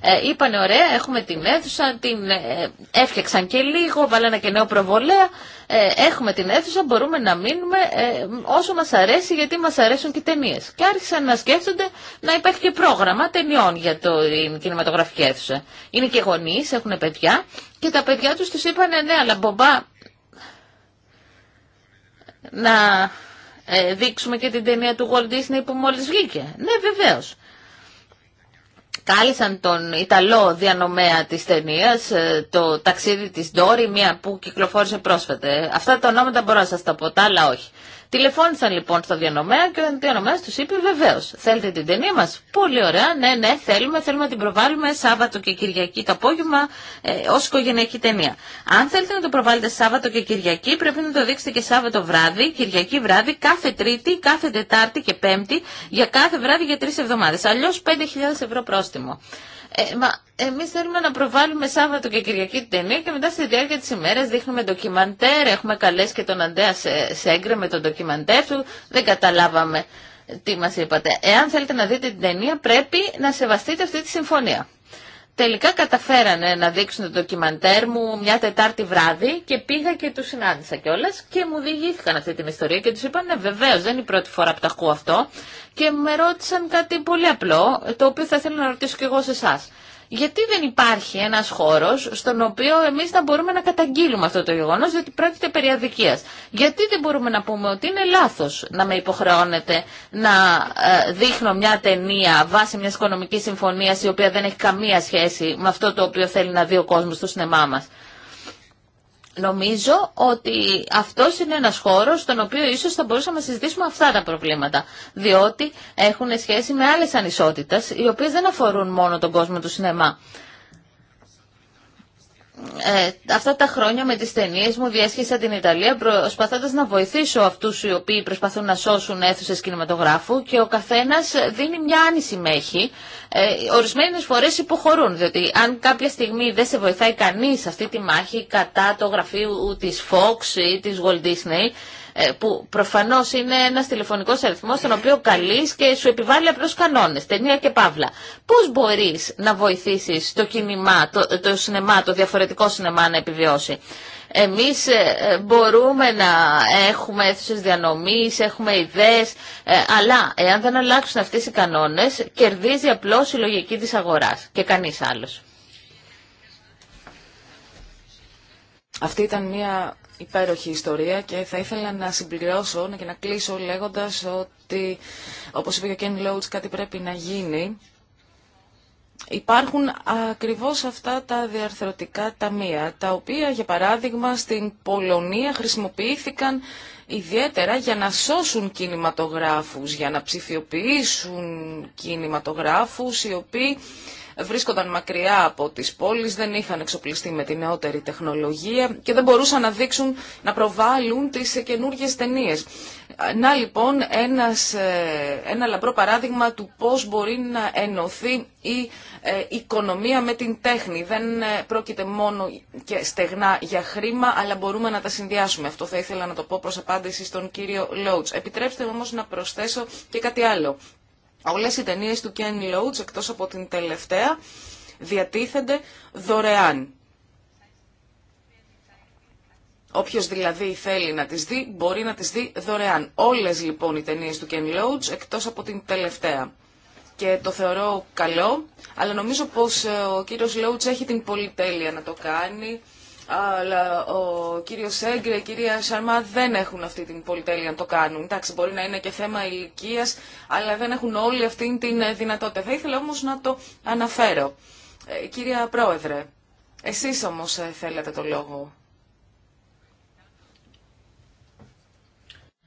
S1: Ε, είπανε ωραία, έχουμε την αίθουσα, την ε, έφτιαξαν και λίγο, βάλανε και νέο προβολέα, ε, έχουμε την αίθουσα, μπορούμε να μείνουμε ε, όσο μα αρέσει γιατί μα αρέσουν και οι ταινίε. Και άρχισαν να σκέφτονται να υπάρχει και πρόγραμμα ταινιών για το, την κινηματογραφική αίθουσα. Είναι και γονεί, έχουν παιδιά και τα παιδιά του τους είπαν, ναι, αλλά μπομπά να ε, δείξουμε και την ταινία του Walt Disney που μόλις βγήκε. Ναι, βεβαίως. Κάλεσαν τον Ιταλό διανομέα της ταινία, ε, το ταξίδι της Ντόρι, μία που κυκλοφόρησε πρόσφατα. Ε, αυτά τα ονόματα μπορώ να σας τα πω, τα άλλα όχι. Τηλεφώνησαν λοιπόν στο διανομέα και ο διανομέας τους είπε βεβαίω. θέλετε την ταινία μας. Πολύ ωραία, ναι, ναι, θέλουμε, θέλουμε να την προβάλλουμε Σάββατο και Κυριακή το απόγευμα ε, ως οικογενειακή ταινία. Αν θέλετε να το προβάλλετε Σάββατο και Κυριακή πρέπει να το δείξετε και Σάββατο βράδυ, Κυριακή βράδυ, κάθε Τρίτη, κάθε Τετάρτη και Πέμπτη για κάθε βράδυ για τρεις εβδομάδες. Αλλιώς 5.000 ευρώ πρόστιμο. Ε, μα εμείς θέλουμε να προβάλλουμε Σάββατο και Κυριακή την ταινία και μετά στη διάρκεια της ημέρας δείχνουμε ντοκιμαντέρ, έχουμε καλέσει και τον Αντέα Σέγκρε με τον ντοκιμαντέρ του, δεν καταλάβαμε τι μας είπατε. Εάν θέλετε να δείτε την ταινία πρέπει να σεβαστείτε αυτή τη συμφωνία. Τελικά καταφέρανε να δείξουν το ντοκιμαντέρ μου μια Τετάρτη βράδυ και πήγα και του συνάντησα κιόλα και μου διηγήθηκαν αυτή την ιστορία και του είπαν ναι, βεβαίω, δεν είναι η πρώτη φορά που τα ακούω αυτό. Και με ρώτησαν κάτι πολύ απλό, το οποίο θα ήθελα να ρωτήσω κι εγώ σε εσά γιατί δεν υπάρχει ένας χώρος στον οποίο εμείς να μπορούμε να καταγγείλουμε αυτό το γεγονός, διότι πρόκειται περί Γιατί δεν μπορούμε να πούμε ότι είναι λάθος να με υποχρεώνεται να ε, δείχνω μια ταινία βάσει μιας οικονομικής συμφωνίας η οποία δεν έχει καμία σχέση με αυτό το οποίο θέλει να δει ο κόσμος στο σνεμά μας. Νομίζω ότι αυτό είναι ένα χώρο στον οποίο ίσως θα μπορούσαμε να συζητήσουμε αυτά τα προβλήματα, διότι έχουν σχέση με άλλες ανισότητες, οι οποίες δεν αφορούν μόνο τον κόσμο του σινεμά ε, αυτά τα χρόνια με τις ταινίε μου διέσχισα την Ιταλία προσπαθώντας να βοηθήσω αυτούς οι οποίοι προσπαθούν να σώσουν αίθουσες κινηματογράφου και ο καθένας δίνει μια άνηση μέχη. Ε, ορισμένες φορές υποχωρούν, διότι αν κάποια στιγμή δεν σε βοηθάει κανείς αυτή τη μάχη κατά το γραφείο της Fox ή της Walt Disney, ε, που προφανώς είναι ένας τηλεφωνικός αριθμό στον οποίο καλείς και σου επιβάλλει απλώ κανόνε, ταινία και παύλα. Πώς μπορείς να βοηθήσεις το κινημά, το, σινεμά, το διαφορετικό σινεμά να επιβιώσει. Εμείς ε, ε, μπορούμε να έχουμε αίθουσες διανομής, έχουμε ιδέες, αλλά εάν δεν αλλάξουν αυτές οι κανόνες, κερδίζει απλώς
S2: η λογική της αγοράς και κανείς άλλος. Αυτή ήταν μια υπέροχη ιστορία και θα ήθελα να συμπληρώσω και να κλείσω λέγοντας ότι όπως είπε και ο Κέν Λόουτς κάτι πρέπει να γίνει. Υπάρχουν ακριβώς αυτά τα διαρθρωτικά ταμεία, τα οποία για παράδειγμα στην Πολωνία χρησιμοποιήθηκαν ιδιαίτερα για να σώσουν κινηματογράφους, για να ψηφιοποιήσουν κινηματογράφους οι οποίοι βρίσκονταν μακριά από τις πόλεις, δεν είχαν εξοπλιστεί με τη νεότερη τεχνολογία και δεν μπορούσαν να δείξουν, να προβάλλουν τις καινούργιες ταινίε. Να λοιπόν ένας, ε, ένα λαμπρό παράδειγμα του πώς μπορεί να ενωθεί η ε, οικονομία με την τέχνη. Δεν ε, πρόκειται μόνο και στεγνά για χρήμα, αλλά μπορούμε να τα συνδυάσουμε. Αυτό θα ήθελα να το πω προς απάντηση στον κύριο Λότς. Επιτρέψτε μου όμως να προσθέσω και κάτι άλλο. Όλες οι ταινίες του Ken Loach, εκτός από την τελευταία, διατίθενται δωρεάν. Όποιος δηλαδή θέλει να τις δει, μπορεί να τις δει δωρεάν. Όλες λοιπόν οι ταινίες του Ken Loach, εκτός από την τελευταία. Και το θεωρώ καλό, αλλά νομίζω πως ε, ο κύριος Loach έχει την πολυτέλεια να το κάνει αλλά ο κύριο Σέγκρε, η κυρία Σαρμά δεν έχουν αυτή την πολυτέλεια να το κάνουν. Εντάξει, μπορεί να είναι και θέμα ηλικία, αλλά δεν έχουν όλη αυτή την ε, δυνατότητα. Θα ήθελα όμω να το αναφέρω. Ε, κυρία Πρόεδρε, εσεί όμω ε, θέλετε το λόγο.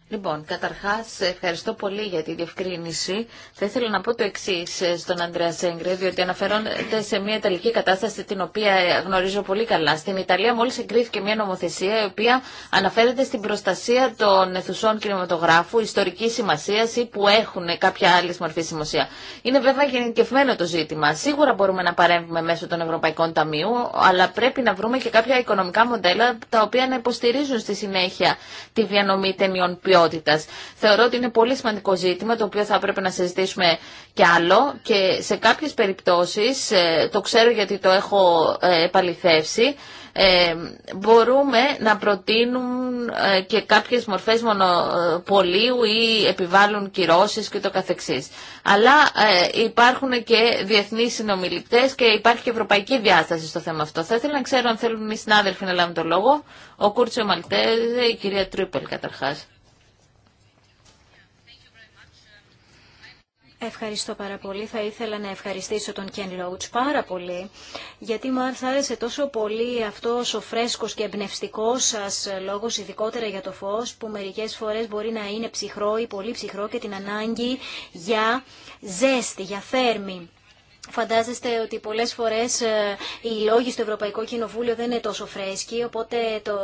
S2: Λοιπόν,
S1: καταρχά, ευχαριστώ πολύ για τη διευκρίνηση. Θα ήθελα να πω το εξή στον Αντρέα Σέγκρε, διότι αναφερόνται σε μια ιταλική κατάσταση την οποία γνωρίζω πολύ καλά. Στην Ιταλία μόλι εγκρίθηκε μια νομοθεσία η οποία αναφέρεται στην προστασία των αιθουσών κινηματογράφου ιστορική σημασία ή που έχουν κάποια άλλη μορφή σημασία. Είναι βέβαια γενικευμένο το ζήτημα. Σίγουρα μπορούμε να παρέμβουμε μέσω των Ευρωπαϊκών Ταμείου, αλλά πρέπει να βρούμε και κάποια οικονομικά μοντέλα τα οποία να υποστηρίζουν στη συνέχεια τη διανομή ταινιών ποιότητα Θεωρώ ότι είναι πολύ σημαντικό ζήτημα το οποίο θα έπρεπε να συζητήσουμε κι άλλο και σε κάποιες περιπτώσεις, ε, το ξέρω γιατί το έχω ε, επαληθεύσει, ε, μπορούμε να προτείνουν και κάποιες μορφές μονοπωλίου ή επιβάλλουν κυρώσεις και το καθεξής. Αλλά υπάρχουν και διεθνείς συνομιλητές και υπάρχει και ευρωπαϊκή διάσταση στο θέμα αυτό. Θα ήθελα να ξέρω αν θέλουν οι συνάδελφοι να λάβουν το λόγο. Ο Κούρτσο Μαλτέζε, η κυρία Τρίπελ καταρχάς.
S3: Ευχαριστώ πάρα πολύ. Θα ήθελα να ευχαριστήσω τον Κεν Λόουτς πάρα πολύ, γιατί μου άρεσε τόσο πολύ αυτός ο φρέσκος και εμπνευστικό σας λόγος, ειδικότερα για το φως, που μερικές φορές μπορεί να είναι ψυχρό ή πολύ ψυχρό και την ανάγκη για ζέστη, για θέρμη. Φαντάζεστε ότι πολλές φορές ε, οι λόγοι στο Ευρωπαϊκό Κοινοβούλιο δεν είναι τόσο φρέσκοι, οπότε το,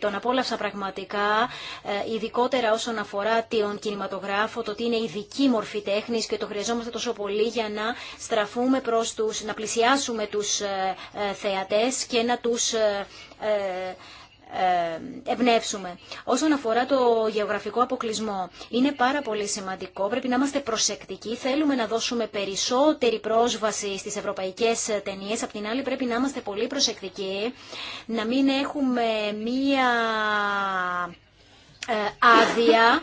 S3: τον απόλαυσα πραγματικά, ε, ειδικότερα όσον αφορά τον κινηματογράφο, το ότι είναι ειδική μορφή τέχνης και το χρειαζόμαστε τόσο πολύ για να στραφούμε προς τους, να πλησιάσουμε τους ε, θεατές και να τους ε, εμπνεύσουμε. Όσον αφορά το γεωγραφικό αποκλεισμό, είναι πάρα πολύ σημαντικό. Πρέπει να είμαστε προσεκτικοί. Θέλουμε να δώσουμε περισσότερη πρόσβαση στις ευρωπαϊκές ταινίε. Απ' την άλλη πρέπει να είμαστε πολύ προσεκτικοί, να μην έχουμε μία ε, άδεια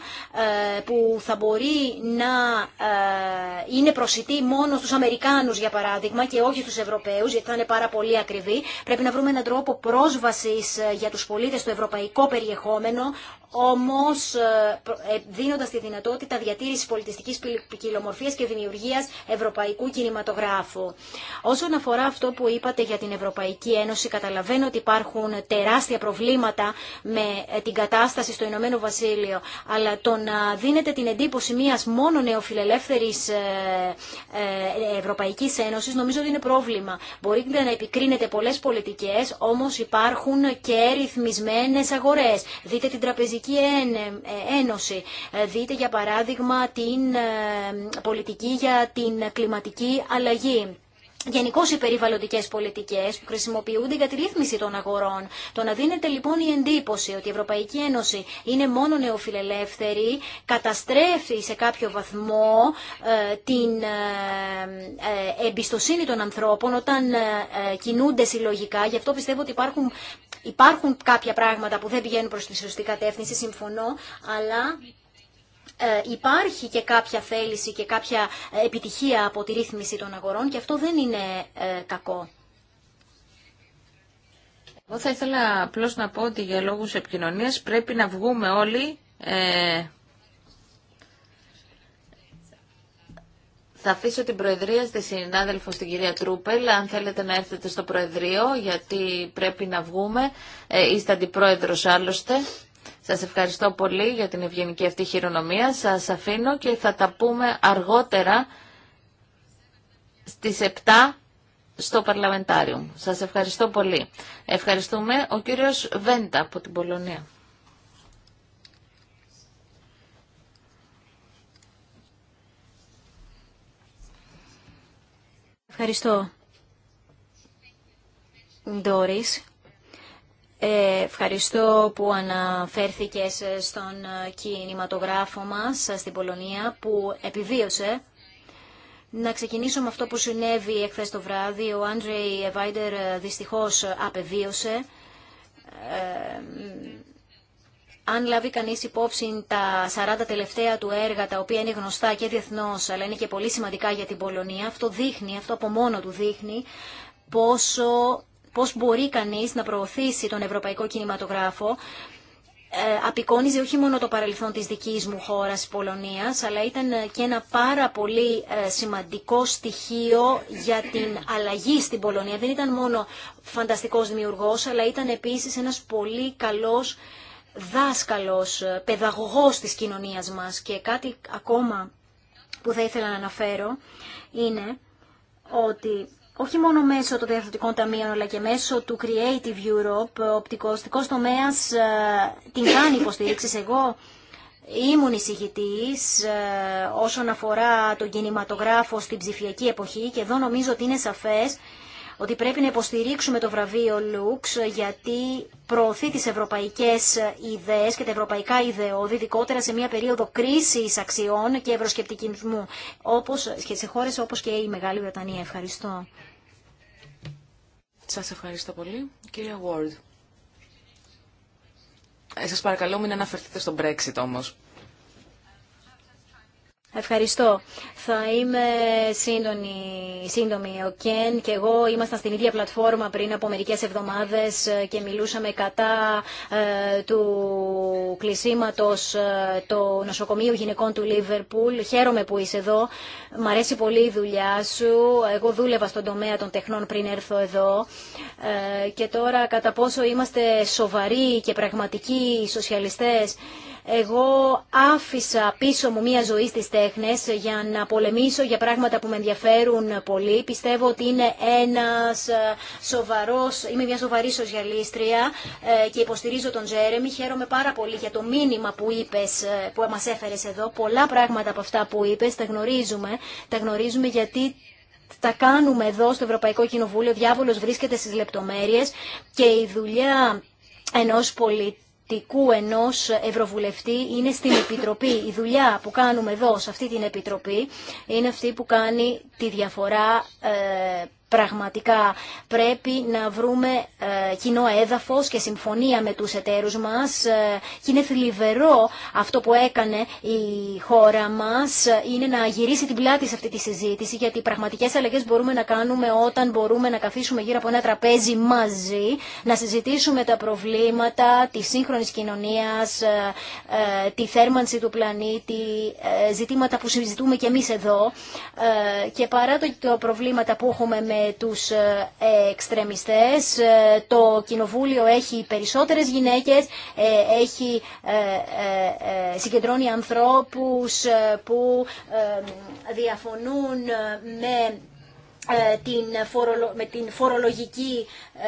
S3: ε, που θα μπορεί να ε, είναι προσιτή μόνο στους Αμερικάνους για παράδειγμα και όχι στους Ευρωπαίους γιατί θα είναι πάρα πολύ ακριβή. Πρέπει να βρούμε έναν τρόπο πρόσβασης για τους πολίτες στο ευρωπαϊκό περιεχόμενο όμως δίνοντας τη δυνατότητα διατήρησης πολιτιστικής ποικιλομορφία και δημιουργίας ευρωπαϊκού κινηματογράφου. Όσον αφορά αυτό που είπατε για την Ευρωπαϊκή Ένωση, καταλαβαίνω ότι υπάρχουν τεράστια προβλήματα με την κατάσταση στο Βασίλειο, αλλά το να δίνεται την εντύπωση μιας μόνο νεοφιλελεύθερης ε, ε, Ευρωπαϊκής Ένωσης νομίζω ότι είναι πρόβλημα. Μπορείτε να επικρίνετε πολλές πολιτικές, όμως υπάρχουν και ρυθμισμένε αγορές. Δείτε την Τραπεζική ε, Ένωση, δείτε για παράδειγμα την πολιτική για την κλιματική αλλαγή. Γενικώ οι περιβαλλοντικέ πολιτικέ που χρησιμοποιούνται για τη ρύθμιση των αγορών. Το να δίνεται λοιπόν η εντύπωση ότι η Ευρωπαϊκή Ένωση είναι μόνο νεοφιλελεύθερη καταστρέφει σε κάποιο βαθμό ε, την ε, ε, εμπιστοσύνη των ανθρώπων όταν κινούνται συλλογικά. Γι' αυτό πιστεύω ότι υπάρχουν, υπάρχουν κάποια πράγματα που δεν πηγαίνουν προ τη σωστή κατεύθυνση, συμφωνώ, αλλά ε, υπάρχει και κάποια θέληση και κάποια ε, επιτυχία από τη ρύθμιση των αγορών και αυτό δεν είναι ε, κακό. Εγώ θα ήθελα
S1: απλώς να πω ότι για λόγους επικοινωνίας πρέπει να βγούμε όλοι Θα αφήσω την Προεδρία στη συνάδελφο στην κυρία Τρούπελ, αν θέλετε να έρθετε στο Προεδρείο, γιατί πρέπει να βγούμε. Ε, είστε αντιπρόεδρος άλλωστε. Σας ευχαριστώ πολύ για την ευγενική αυτή χειρονομία. Σας αφήνω και θα τα πούμε αργότερα στις 7 στο Παρλαμεντάριο. Σας ευχαριστώ πολύ. Ευχαριστούμε ο κύριος Βέντα από την Πολωνία.
S3: Ευχαριστώ. Ντόρις, ε, ευχαριστώ που αναφέρθηκες στον ε, κινηματογράφο μας ε, στην Πολωνία που επιβίωσε. Να ξεκινήσω με αυτό που συνέβη εχθές το βράδυ. Ο Άντρεϊ Εβάιντερ δυστυχώς απεβίωσε. Ε, αν λάβει κανείς υπόψη τα 40 τελευταία του έργα, τα οποία είναι γνωστά και διεθνώς, αλλά είναι και πολύ σημαντικά για την Πολωνία, αυτό δείχνει, αυτό από μόνο του δείχνει, πόσο πώς μπορεί κανείς να προωθήσει τον ευρωπαϊκό κινηματογράφο ε, απεικόνιζε όχι μόνο το παρελθόν της δικής μου χώρας Πολωνίας, αλλά ήταν και ένα πάρα πολύ ε, σημαντικό στοιχείο για την αλλαγή στην Πολωνία. Δεν ήταν μόνο φανταστικός δημιουργός, αλλά ήταν επίσης ένας πολύ καλός δάσκαλος, ε, παιδαγωγός της κοινωνίας μας. Και κάτι ακόμα που θα ήθελα να αναφέρω είναι ότι όχι μόνο μέσω των διαδοτικών ταμείων, αλλά και μέσω του Creative Europe, οπτικοστικός τομέας, ε, την κάνει υποστήριξη. Εγώ ήμουν εισηγητής ε, όσον αφορά τον κινηματογράφο στην ψηφιακή εποχή και εδώ νομίζω ότι είναι σαφές ότι πρέπει να υποστηρίξουμε το βραβείο Λουξ γιατί προωθεί τις ευρωπαϊκές ιδέες και τα ευρωπαϊκά ιδεώδη, ειδικότερα σε μια περίοδο κρίσης αξιών και ευρωσκεπτικισμού, όπως, και σε χώρες όπως και η Μεγάλη Βρετανία. Ευχαριστώ. Σας ευχαριστώ πολύ.
S2: Κυρία Ward. Ε, σας παρακαλώ μην αναφερθείτε στο Brexit όμως.
S3: Ευχαριστώ. Θα είμαι σύντομη, σύντομη. Ο Κέν και εγώ ήμασταν στην ίδια πλατφόρμα πριν από μερικές εβδομάδες και μιλούσαμε κατά ε, του κλεισίματος ε, το νοσοκομείο γυναικών του Λίβερπουλ. Χαίρομαι που είσαι εδώ. Μ' αρέσει πολύ η δουλειά σου. Εγώ δούλευα στον τομέα των τεχνών πριν έρθω εδώ. Ε, και τώρα κατά πόσο είμαστε σοβαροί και πραγματικοί σοσιαλιστές εγώ άφησα πίσω μου μία ζωή στις τέχνες για να πολεμήσω για πράγματα που με ενδιαφέρουν πολύ. Πιστεύω ότι είναι ένας ε, σοβαρός, είμαι μια σοβαρή σοσιαλίστρια ε, και υποστηρίζω τον Τζέρεμι. Χαίρομαι πάρα πολύ για το μήνυμα που είπες, ε, που μας έφερες εδώ. Πολλά πράγματα από αυτά που είπες τα γνωρίζουμε. Τα γνωρίζουμε γιατί τα κάνουμε εδώ στο Ευρωπαϊκό Κοινοβούλιο. Ο διάβολος βρίσκεται στις λεπτομέρειες και η δουλειά ενός πολίτη πολιτικού ενός Ευρωβουλευτή είναι στην Επιτροπή. Η δουλειά που κάνουμε εδώ, σε αυτή την Επιτροπή, είναι αυτή που κάνει τη διαφορά ε, πραγματικά πρέπει να βρούμε ε, κοινό έδαφος και συμφωνία με τους εταίρους μας ε, και είναι θλιβερό αυτό που έκανε η χώρα μας ε, είναι να γυρίσει την πλάτη σε αυτή τη συζήτηση γιατί οι πραγματικές αλλαγές μπορούμε να κάνουμε όταν μπορούμε να καθίσουμε γύρω από ένα τραπέζι μαζί να συζητήσουμε τα προβλήματα της σύγχρονης κοινωνίας τη θέρμανση του πλανήτη ζητήματα που συζητούμε και εμείς εδώ και παρά το προβλήματα που έχουμε με με τους ε, εξτρεμιστές. Ε, το κοινοβούλιο έχει περισσότερες γυναίκες, ε, έχει, συγκεντρώνει ανθρώπους που διαφωνούν με ε, με, την φορολογική,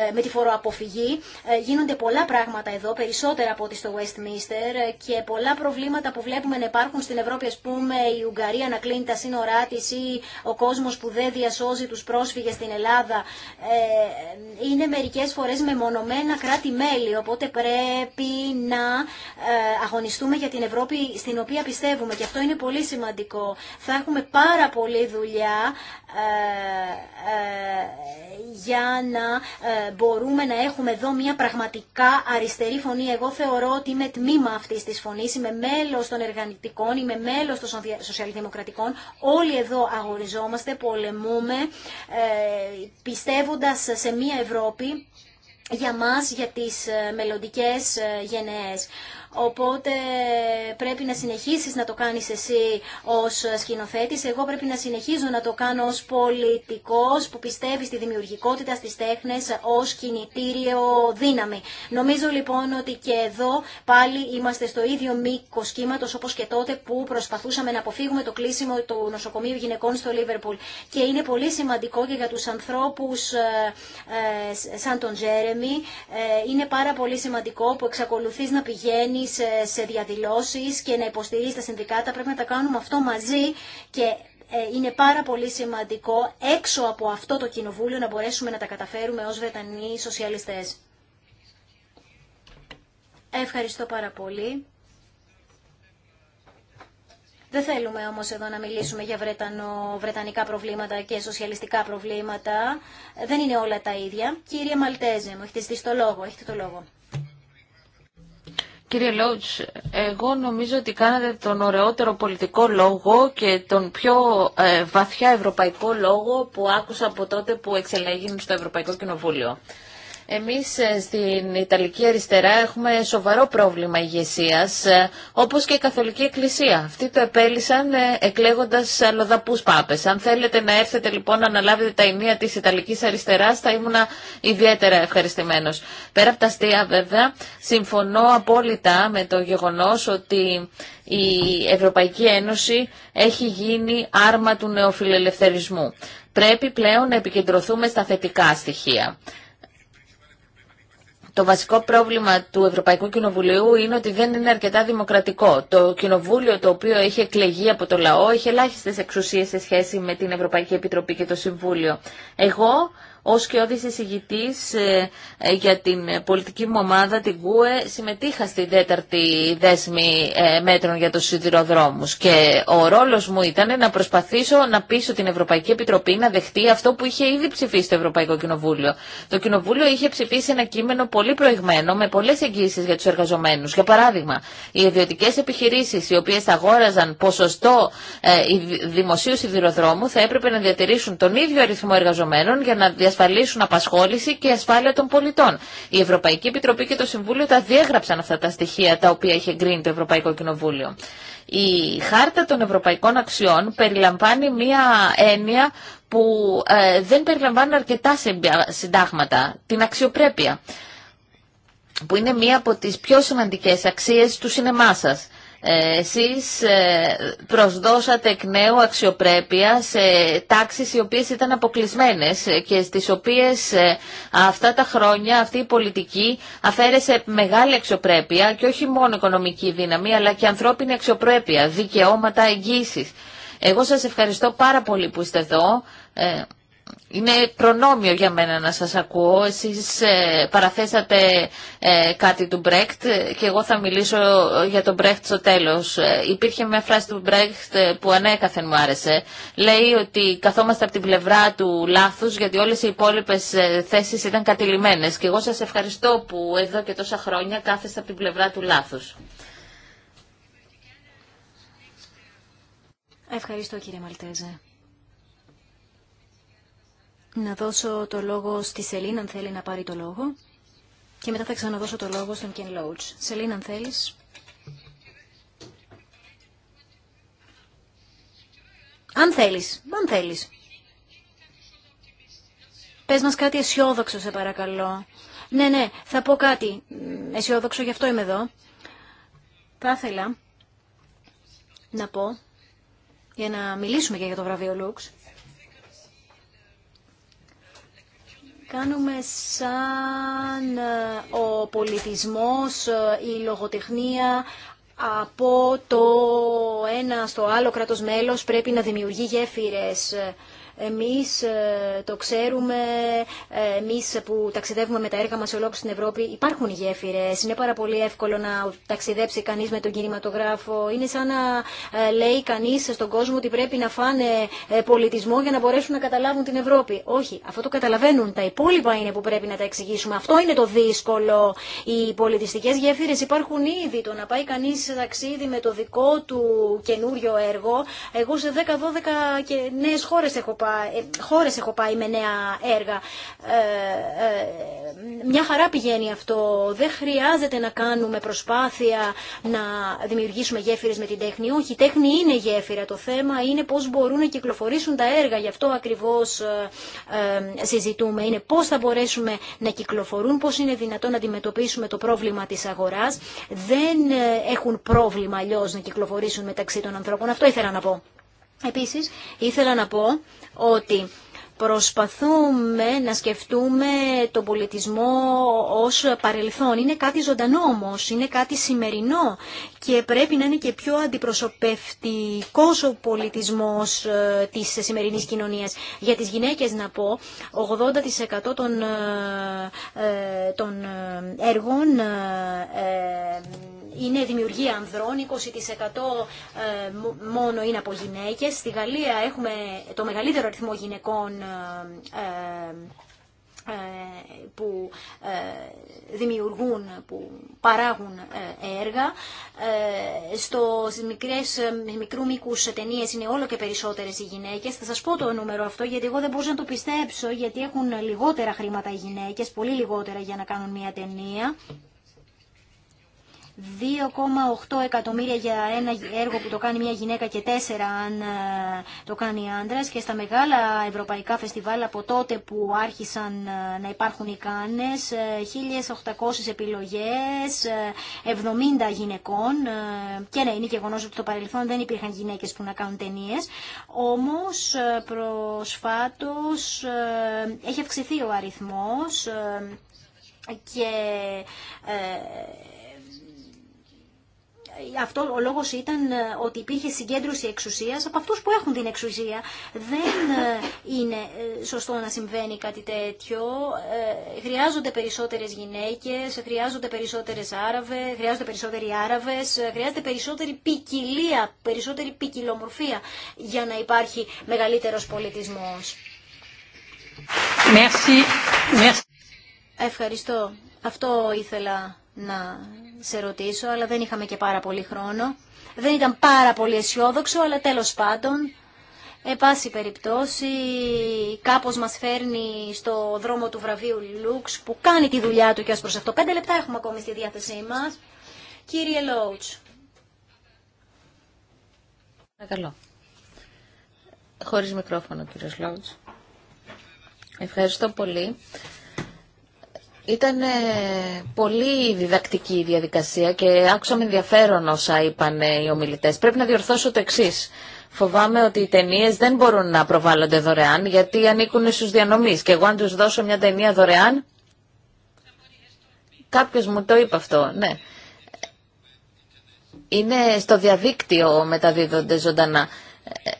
S3: ε, με τη φοροαποφυγή. Ε, γίνονται πολλά πράγματα εδώ, περισσότερα από ό,τι στο Westminster και πολλά προβλήματα που βλέπουμε να υπάρχουν στην Ευρώπη, ας πούμε η Ουγγαρία να κλείνει τα σύνορά τη ή ο κόσμος που δεν διασώζει τους πρόσφυγες στην Ελλάδα. Είναι μερικές φορές μεμονωμένα κράτη-μέλη, οπότε πρέπει να αγωνιστούμε για την Ευρώπη στην οποία πιστεύουμε και αυτό είναι πολύ σημαντικό. Θα έχουμε πάρα πολλή δουλειά ε, για να ε, μπορούμε να έχουμε εδώ μια πραγματικά αριστερή φωνή. Εγώ θεωρώ ότι είμαι τμήμα αυτή της φωνή, είμαι μέλος των εργανητικών, είμαι μέλος των σοσιαλδημοκρατικών. Όλοι εδώ αγοριζόμαστε, πολεμούμε, ε, πιστεύοντας σε μια Ευρώπη για μας, για τις μελλοντικές γενναίες οπότε πρέπει να συνεχίσεις να το κάνεις εσύ ως σκηνοθέτης. Εγώ πρέπει να συνεχίζω να το κάνω ως πολιτικός που πιστεύει στη δημιουργικότητα, στις τέχνες, ως κινητήριο δύναμη. Νομίζω λοιπόν ότι και εδώ πάλι είμαστε στο ίδιο μήκο κύματος όπως και τότε που προσπαθούσαμε να αποφύγουμε το κλείσιμο του νοσοκομείου γυναικών στο Λίβερπουλ. Και είναι πολύ σημαντικό και για τους ανθρώπους ε, ε, σαν τον Τζέρεμι, ε, είναι πάρα πολύ σημαντικό που εξακολουθείς να πηγαίνει ε, σε διαδηλώσεις και να υποστηρίζει τα συνδικάτα. Πρέπει να τα κάνουμε αυτό μαζί και ε, είναι πάρα πολύ σημαντικό έξω από αυτό το κοινοβούλιο να μπορέσουμε να τα καταφέρουμε ως Βρετανοί σοσιαλιστές. Ευχαριστώ πάρα πολύ. Δεν θέλουμε όμως εδώ να μιλήσουμε για Βρετανο, βρετανικά προβλήματα και σοσιαλιστικά προβλήματα. Δεν είναι όλα τα ίδια. Κύριε Μαλτέζε, μου έχετε ζητήσει το λόγο. Έχετε το λόγο.
S1: Κύριε Λότς, εγώ νομίζω ότι κάνατε τον ωραιότερο πολιτικό λόγο και τον πιο ε, βαθιά ευρωπαϊκό λόγο που άκουσα από τότε που εξελέγην στο Ευρωπαϊκό Κοινοβούλιο. Εμείς ε, στην Ιταλική Αριστερά έχουμε σοβαρό πρόβλημα ηγεσία, ε, όπως και η Καθολική Εκκλησία. Αυτοί το επέλυσαν ε, εκλέγοντας λοδαπούς πάπες. Αν θέλετε να έρθετε λοιπόν να αναλάβετε τα ενία της Ιταλικής Αριστεράς, θα ήμουν ιδιαίτερα ευχαριστημένος. Πέρα από τα αστεία βέβαια, συμφωνώ απόλυτα με το γεγονός ότι η Ευρωπαϊκή Ένωση έχει γίνει άρμα του νεοφιλελευθερισμού. Πρέπει πλέον να επικεντρωθούμε στα θετικά στοιχεία. Το βασικό πρόβλημα του Ευρωπαϊκού Κοινοβουλίου είναι ότι δεν είναι αρκετά δημοκρατικό. Το κοινοβούλιο το οποίο έχει εκλεγεί από το λαό έχει ελάχιστε εξουσίε σε σχέση με την Ευρωπαϊκή Επιτροπή και το Συμβούλιο. Εγώ ως και εισηγητής ε, ε, για την πολιτική μου ομάδα, την ΚΟΕ, συμμετείχα στην τέταρτη δέσμη ε, μέτρων για τους σιδηροδρόμους και ο ρόλος μου ήταν να προσπαθήσω να πείσω την Ευρωπαϊκή Επιτροπή να δεχτεί αυτό που είχε ήδη ψηφίσει το Ευρωπαϊκό Κοινοβούλιο. Το Κοινοβούλιο είχε ψηφίσει ένα κείμενο πολύ προηγμένο με πολλές εγγύσεις για τους εργαζομένους. Για παράδειγμα, οι ιδιωτικές επιχειρήσεις οι οποίες αγόραζαν ποσοστό δημοσίου σιδηροδρόμου θα έπρεπε να διατηρήσουν τον ίδιο αριθμό εργαζομένων για να διασφαλίσουν απασχόληση και ασφάλεια των πολιτών. Η Ευρωπαϊκή Επιτροπή και το Συμβούλιο τα διέγραψαν αυτά τα στοιχεία τα οποία είχε γκρίνει το Ευρωπαϊκό Κοινοβούλιο. Η χάρτα των ευρωπαϊκών αξιών περιλαμβάνει μία έννοια που ε, δεν περιλαμβάνει αρκετά συντάγματα, την αξιοπρέπεια που είναι μία από τις πιο σημαντικές αξίες του σινεμά σας. Ε, εσείς ε, προσδώσατε εκ νέου αξιοπρέπεια σε τάξεις οι οποίες ήταν αποκλεισμένες και στις οποίες ε, αυτά τα χρόνια αυτή η πολιτική αφαίρεσε μεγάλη αξιοπρέπεια και όχι μόνο οικονομική δύναμη αλλά και ανθρώπινη αξιοπρέπεια, δικαιώματα εγγύησης. Εγώ σας ευχαριστώ πάρα πολύ που είστε εδώ είναι προνόμιο για μένα να σας ακούω. Εσείς ε, παραθέσατε ε, κάτι του Μπρέκτ και εγώ θα μιλήσω για τον Μπρέκτ στο τέλος. Ε, υπήρχε μια φράση του Μπρέκτ που ανέκαθεν μου άρεσε. Λέει ότι καθόμαστε από την πλευρά του λάθους γιατί όλες οι υπόλοιπες θέσεις ήταν κατηλημένες. Και εγώ σας ευχαριστώ που εδώ και τόσα χρόνια κάθεστε από την πλευρά του λάθους.
S3: Ευχαριστώ κύριε Μαλτέζε να δώσω το λόγο στη Σελήνα, αν θέλει να πάρει το λόγο. Και μετά θα ξαναδώσω το λόγο στον Κεν Λόουτς. Σελίνα, αν θέλεις. Αν θέλεις, αν θέλεις. Πες μας κάτι αισιόδοξο, σε παρακαλώ. Ναι, ναι, θα πω κάτι αισιόδοξο, γι' αυτό είμαι εδώ. Θα ήθελα να πω, για να μιλήσουμε και για το βραβείο Λουξ, κάνουμε σαν ε, ο πολιτισμός, ε, η λογοτεχνία από το ένα στο άλλο κράτος μέλος πρέπει να δημιουργεί γέφυρες εμείς ε, το ξέρουμε, ε, εμείς που ταξιδεύουμε με τα έργα μας ολόκληρη στην Ευρώπη, υπάρχουν γέφυρες, είναι πάρα πολύ εύκολο να ταξιδέψει κανείς με τον κινηματογράφο, είναι σαν να ε, λέει κανείς στον κόσμο ότι πρέπει να φάνε πολιτισμό για να μπορέσουν να καταλάβουν την Ευρώπη. Όχι, αυτό το καταλαβαίνουν, τα υπόλοιπα είναι που πρέπει να τα εξηγήσουμε, αυτό είναι το δύσκολο. Οι πολιτιστικές γέφυρες υπάρχουν ήδη, το να πάει κανείς σε ταξίδι με το δικό του καινούριο έργο, εγώ σε 10-12 και νέες χώρες έχω πάει ε, χώρες έχω πάει με νέα έργα. Ε, ε, μια χαρά πηγαίνει αυτό. Δεν χρειάζεται να κάνουμε προσπάθεια να δημιουργήσουμε γέφυρες με την τέχνη. Όχι, η τέχνη είναι γέφυρα. Το θέμα είναι πώς μπορούν να κυκλοφορήσουν τα έργα. Γι' αυτό ακριβώς συζητούμε. Είναι πώς θα μπορέσουμε να κυκλοφορούν, πώς είναι δυνατόν να αντιμετωπίσουμε το πρόβλημα της αγοράς. Δεν έχουν πρόβλημα αλλιώ να κυκλοφορήσουν μεταξύ των ανθρώπων. Αυτό ήθελα να πω. Επίσης, ήθελα να πω ότι προσπαθούμε να σκεφτούμε τον πολιτισμό ως παρελθόν. Είναι κάτι ζωντανό όμως, είναι κάτι σημερινό και πρέπει να είναι και πιο αντιπροσωπευτικός ο πολιτισμός ε, της σημερινής κοινωνίας. Για τις γυναίκες να πω, 80% των, ε, ε, των έργων είναι δημιουργία ανδρών, 20% ε, μόνο είναι από γυναίκες. Στη Γαλλία έχουμε το μεγαλύτερο αριθμό γυναικών ε, ε, που δημιουργούν, που παράγουν έργα. Στο μικρές, μικρού μήκου ταινίε είναι όλο και περισσότερες οι γυναίκες. Θα σας πω το νούμερο αυτό γιατί εγώ δεν μπορούσα να το πιστέψω γιατί έχουν λιγότερα χρήματα οι γυναίκες, πολύ λιγότερα για να κάνουν μια ταινία. 2,8 εκατομμύρια για ένα έργο που το κάνει μια γυναίκα και τέσσερα αν ε, το κάνει άντρα. Και στα μεγάλα ευρωπαϊκά φεστιβάλ από τότε που άρχισαν ε, να υπάρχουν οι κάνες, 1.800 ε, επιλογές, 70 γυναικών. Και ναι, είναι γεγονό ότι το παρελθόν δεν υπήρχαν γυναίκες που να κάνουν ταινίες. Όμως προσφάτω έχει αυξηθεί ο αριθμό και αυτό ο λόγος ήταν ε, ότι υπήρχε συγκέντρωση εξουσίας από αυτούς που έχουν την εξουσία. Δεν ε, είναι ε, σωστό να συμβαίνει κάτι τέτοιο. Χρειάζονται περισσότερες γυναίκες, χρειάζονται περισσότερες Άραβες, χρειάζονται περισσότεροι Άραβες, χρειάζεται περισσότερη ποικιλία, περισσότερη ποικιλομορφία για να υπάρχει μεγαλύτερος πολιτισμός. Ευχαριστώ. Αυτό ήθελα να σε ρωτήσω, αλλά δεν είχαμε και πάρα πολύ χρόνο. Δεν ήταν πάρα πολύ αισιόδοξο, αλλά τέλος πάντων, εν πάση περιπτώσει, κάπως μας φέρνει στο δρόμο του βραβείου Λουξ, που κάνει τη δουλειά του και ως προς αυτό. Πέντε λεπτά έχουμε ακόμη στη διάθεσή μας. Κύριε Λόουτς.
S1: Παρακαλώ. Χωρίς μικρόφωνο, κύριος Λόουτς. Ευχαριστώ πολύ. Ήταν πολύ διδακτική η διαδικασία και άκουσα με ενδιαφέρον όσα είπαν οι ομιλητές. Πρέπει να διορθώσω το εξή. Φοβάμαι ότι οι ταινίε δεν μπορούν να προβάλλονται δωρεάν γιατί ανήκουν στους διανομή Και εγώ αν τους δώσω μια ταινία δωρεάν, κάποιος μου το είπε αυτό, ναι. Είναι στο διαδίκτυο μεταδίδονται ζωντανά ε,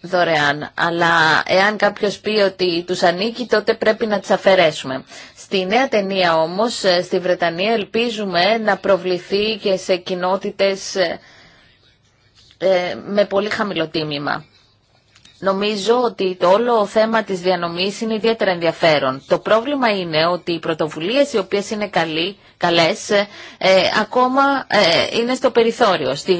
S1: δωρεάν. Αλλά εάν κάποιος πει ότι τους ανήκει τότε πρέπει να τις αφαιρέσουμε. Στη νέα ταινία όμως, ε, στη Βρετανία ελπίζουμε να προβληθεί και σε κοινότητες ε, ε, με πολύ χαμηλό Νομίζω ότι το όλο θέμα της διανομής είναι ιδιαίτερα ενδιαφέρον. Το πρόβλημα είναι ότι οι πρωτοβουλίες οι οποίες είναι καλοί, καλές ακόμα είναι στο περιθώριο. Στη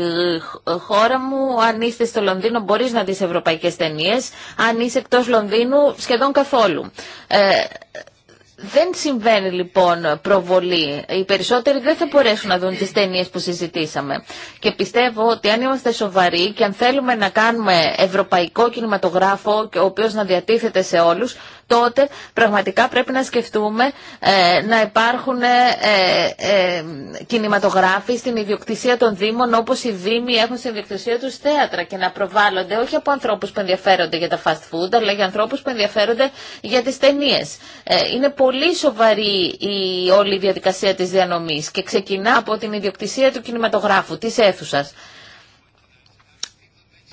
S1: χώρα μου αν είστε στο Λονδίνο μπορείς να δεις ευρωπαϊκές ταινίες, αν είσαι εκτός Λονδίνου σχεδόν καθόλου. Δεν συμβαίνει λοιπόν προβολή. Οι περισσότεροι δεν θα μπορέσουν να δουν τις ταινίε που συζητήσαμε. Και πιστεύω ότι αν είμαστε σοβαροί και αν θέλουμε να κάνουμε ευρωπαϊκό κινηματογράφο ο οποίος να διατίθεται σε όλους, τότε πραγματικά πρέπει να σκεφτούμε ε, να υπάρχουν ε, ε, κινηματογράφοι στην ιδιοκτησία των Δήμων όπως οι Δήμοι έχουν στην ιδιοκτησία τους θέατρα και να προβάλλονται όχι από ανθρώπους που ενδιαφέρονται για τα fast food αλλά για ανθρώπους που ενδιαφέρονται για τις ταινίε. Είναι πολύ σοβαρή η όλη η διαδικασία της διανομής και ξεκινά από την ιδιοκτησία του κινηματογράφου, της αίθουσας.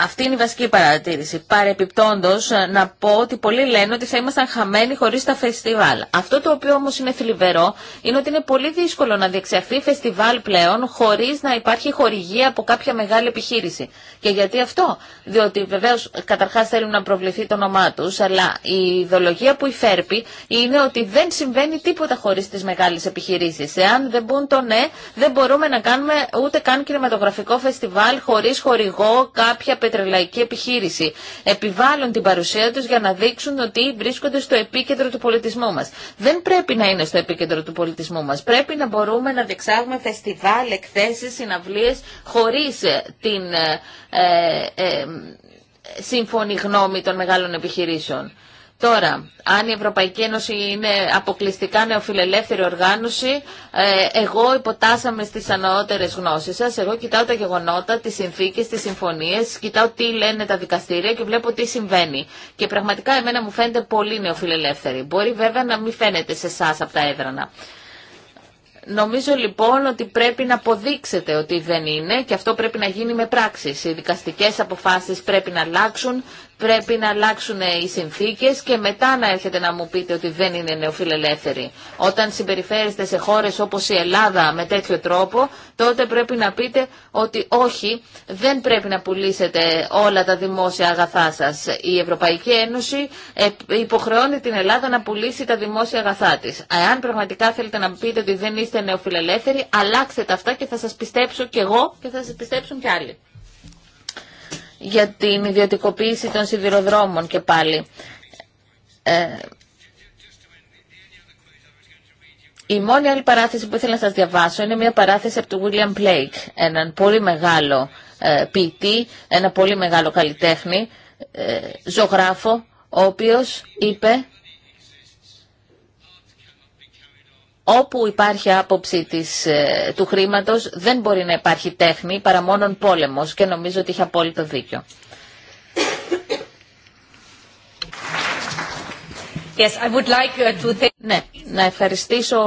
S1: Αυτή είναι η βασική παρατήρηση. Παρεπιπτόντω, ε, να πω ότι πολλοί λένε ότι θα ήμασταν χαμένοι χωρί τα φεστιβάλ. Αυτό το οποίο όμω είναι θλιβερό είναι ότι είναι πολύ δύσκολο να διεξαχθεί φεστιβάλ πλέον χωρί να υπάρχει χορηγία από κάποια μεγάλη επιχείρηση. Και γιατί αυτό. Διότι βεβαίω καταρχά θέλουν να προβληθεί το όνομά του, αλλά η ιδεολογία που υφέρπει είναι ότι δεν συμβαίνει τίποτα χωρί τι μεγάλε επιχειρήσει. Εάν δεν μπουν το ναι, δεν μπορούμε να κάνουμε ούτε καν κινηματογραφικό φεστιβάλ χωρί χορηγό κάποια πετρελαϊκή επιχείρηση επιβάλλουν την παρουσία του για να δείξουν ότι βρίσκονται στο επίκεντρο του πολιτισμού μας. Δεν πρέπει να είναι στο επίκεντρο του πολιτισμού μας. Πρέπει να μπορούμε να διεξάγουμε φεστιβάλ, εκθέσεις, συναυλίες χωρί ε, την ε, ε, ε σύμφωνη γνώμη των μεγάλων επιχειρήσεων. Τώρα, αν η Ευρωπαϊκή Ένωση είναι αποκλειστικά νεοφιλελεύθερη οργάνωση, ε, εγώ υποτάσαμε στις ανώτερες γνώσεις σας, εγώ κοιτάω τα γεγονότα, τις συνθήκες, τις συμφωνίες, κοιτάω τι λένε τα δικαστήρια και βλέπω τι συμβαίνει. Και πραγματικά εμένα μου φαίνεται πολύ νεοφιλελεύθερη. Μπορεί βέβαια να μην φαίνεται σε εσά από τα έδρανα. Νομίζω λοιπόν ότι πρέπει να αποδείξετε ότι δεν είναι και αυτό πρέπει να γίνει με πράξεις. Οι δικαστικές αποφάσεις πρέπει να αλλάξουν πρέπει να αλλάξουν οι συνθήκες και μετά να έρχεται να μου πείτε ότι δεν είναι νεοφιλελεύθεροι. Όταν συμπεριφέρεστε σε χώρες όπως η Ελλάδα με τέτοιο τρόπο, τότε πρέπει να πείτε ότι όχι, δεν πρέπει να πουλήσετε όλα τα δημόσια αγαθά σας. Η Ευρωπαϊκή Ένωση ε, υποχρεώνει την Ελλάδα να πουλήσει τα δημόσια αγαθά της. Αν πραγματικά θέλετε να πείτε ότι δεν είστε νεοφιλελεύθεροι, αλλάξτε τα αυτά και θα σας πιστέψω κι εγώ και θα σας πιστέψουν κι άλλοι για την ιδιωτικοποίηση των σιδηροδρόμων και πάλι. Ε, η μόνη άλλη παράθεση που ήθελα να σας διαβάσω είναι μια παράθεση από τον William Blake, έναν πολύ μεγάλο ε, ποιητή, ένα πολύ μεγάλο καλλιτέχνη, ε, ζωγράφο, ο οποίος είπε Όπου υπάρχει άποψη της, ε, του χρήματος δεν μπορεί να υπάρχει τέχνη παρά μόνον πόλεμος και νομίζω ότι είχε απόλυτο δίκιο. Uh, ναι, να ευχαριστήσω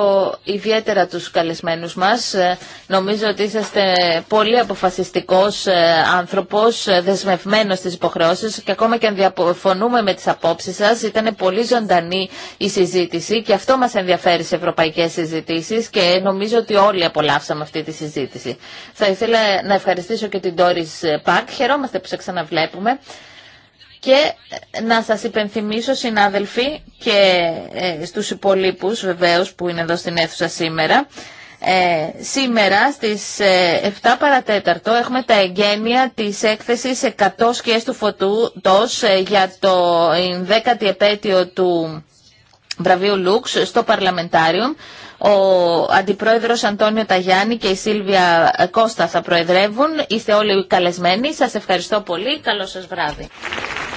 S1: ιδιαίτερα τους καλεσμένους μας. Ε, νομίζω ότι είσαστε πολύ αποφασιστικός ε, άνθρωπος, ε, δεσμευμένος στις υποχρεώσεις και ακόμα και αν διαφωνούμε με τις απόψεις σας, ήταν πολύ ζωντανή η συζήτηση και αυτό μας ενδιαφέρει σε ευρωπαϊκές συζητήσεις και νομίζω ότι όλοι απολαύσαμε αυτή τη συζήτηση. Θα ήθελα να ευχαριστήσω και την Doris Πακ. Χαιρόμαστε που σε ξαναβλέπουμε. Και ε, να σας υπενθυμίσω συνάδελφοι και ε, στους υπολείπους βεβαίως που είναι εδώ στην αίθουσα σήμερα. Ε, σήμερα στις 7 ε, παρατέταρτο έχουμε τα εγγένεια της έκθεσης 100 σκιές του φωτού για το 10η επέτειο του βραβείου Λουξ στο Παρλαμεντάριο. Ο Αντιπρόεδρος Αντώνιο Ταγιάννη και η Σίλβια Κώστα θα προεδρεύουν. Είστε όλοι καλεσμένοι. Σας ευχαριστώ πολύ. Καλό σας βράδυ.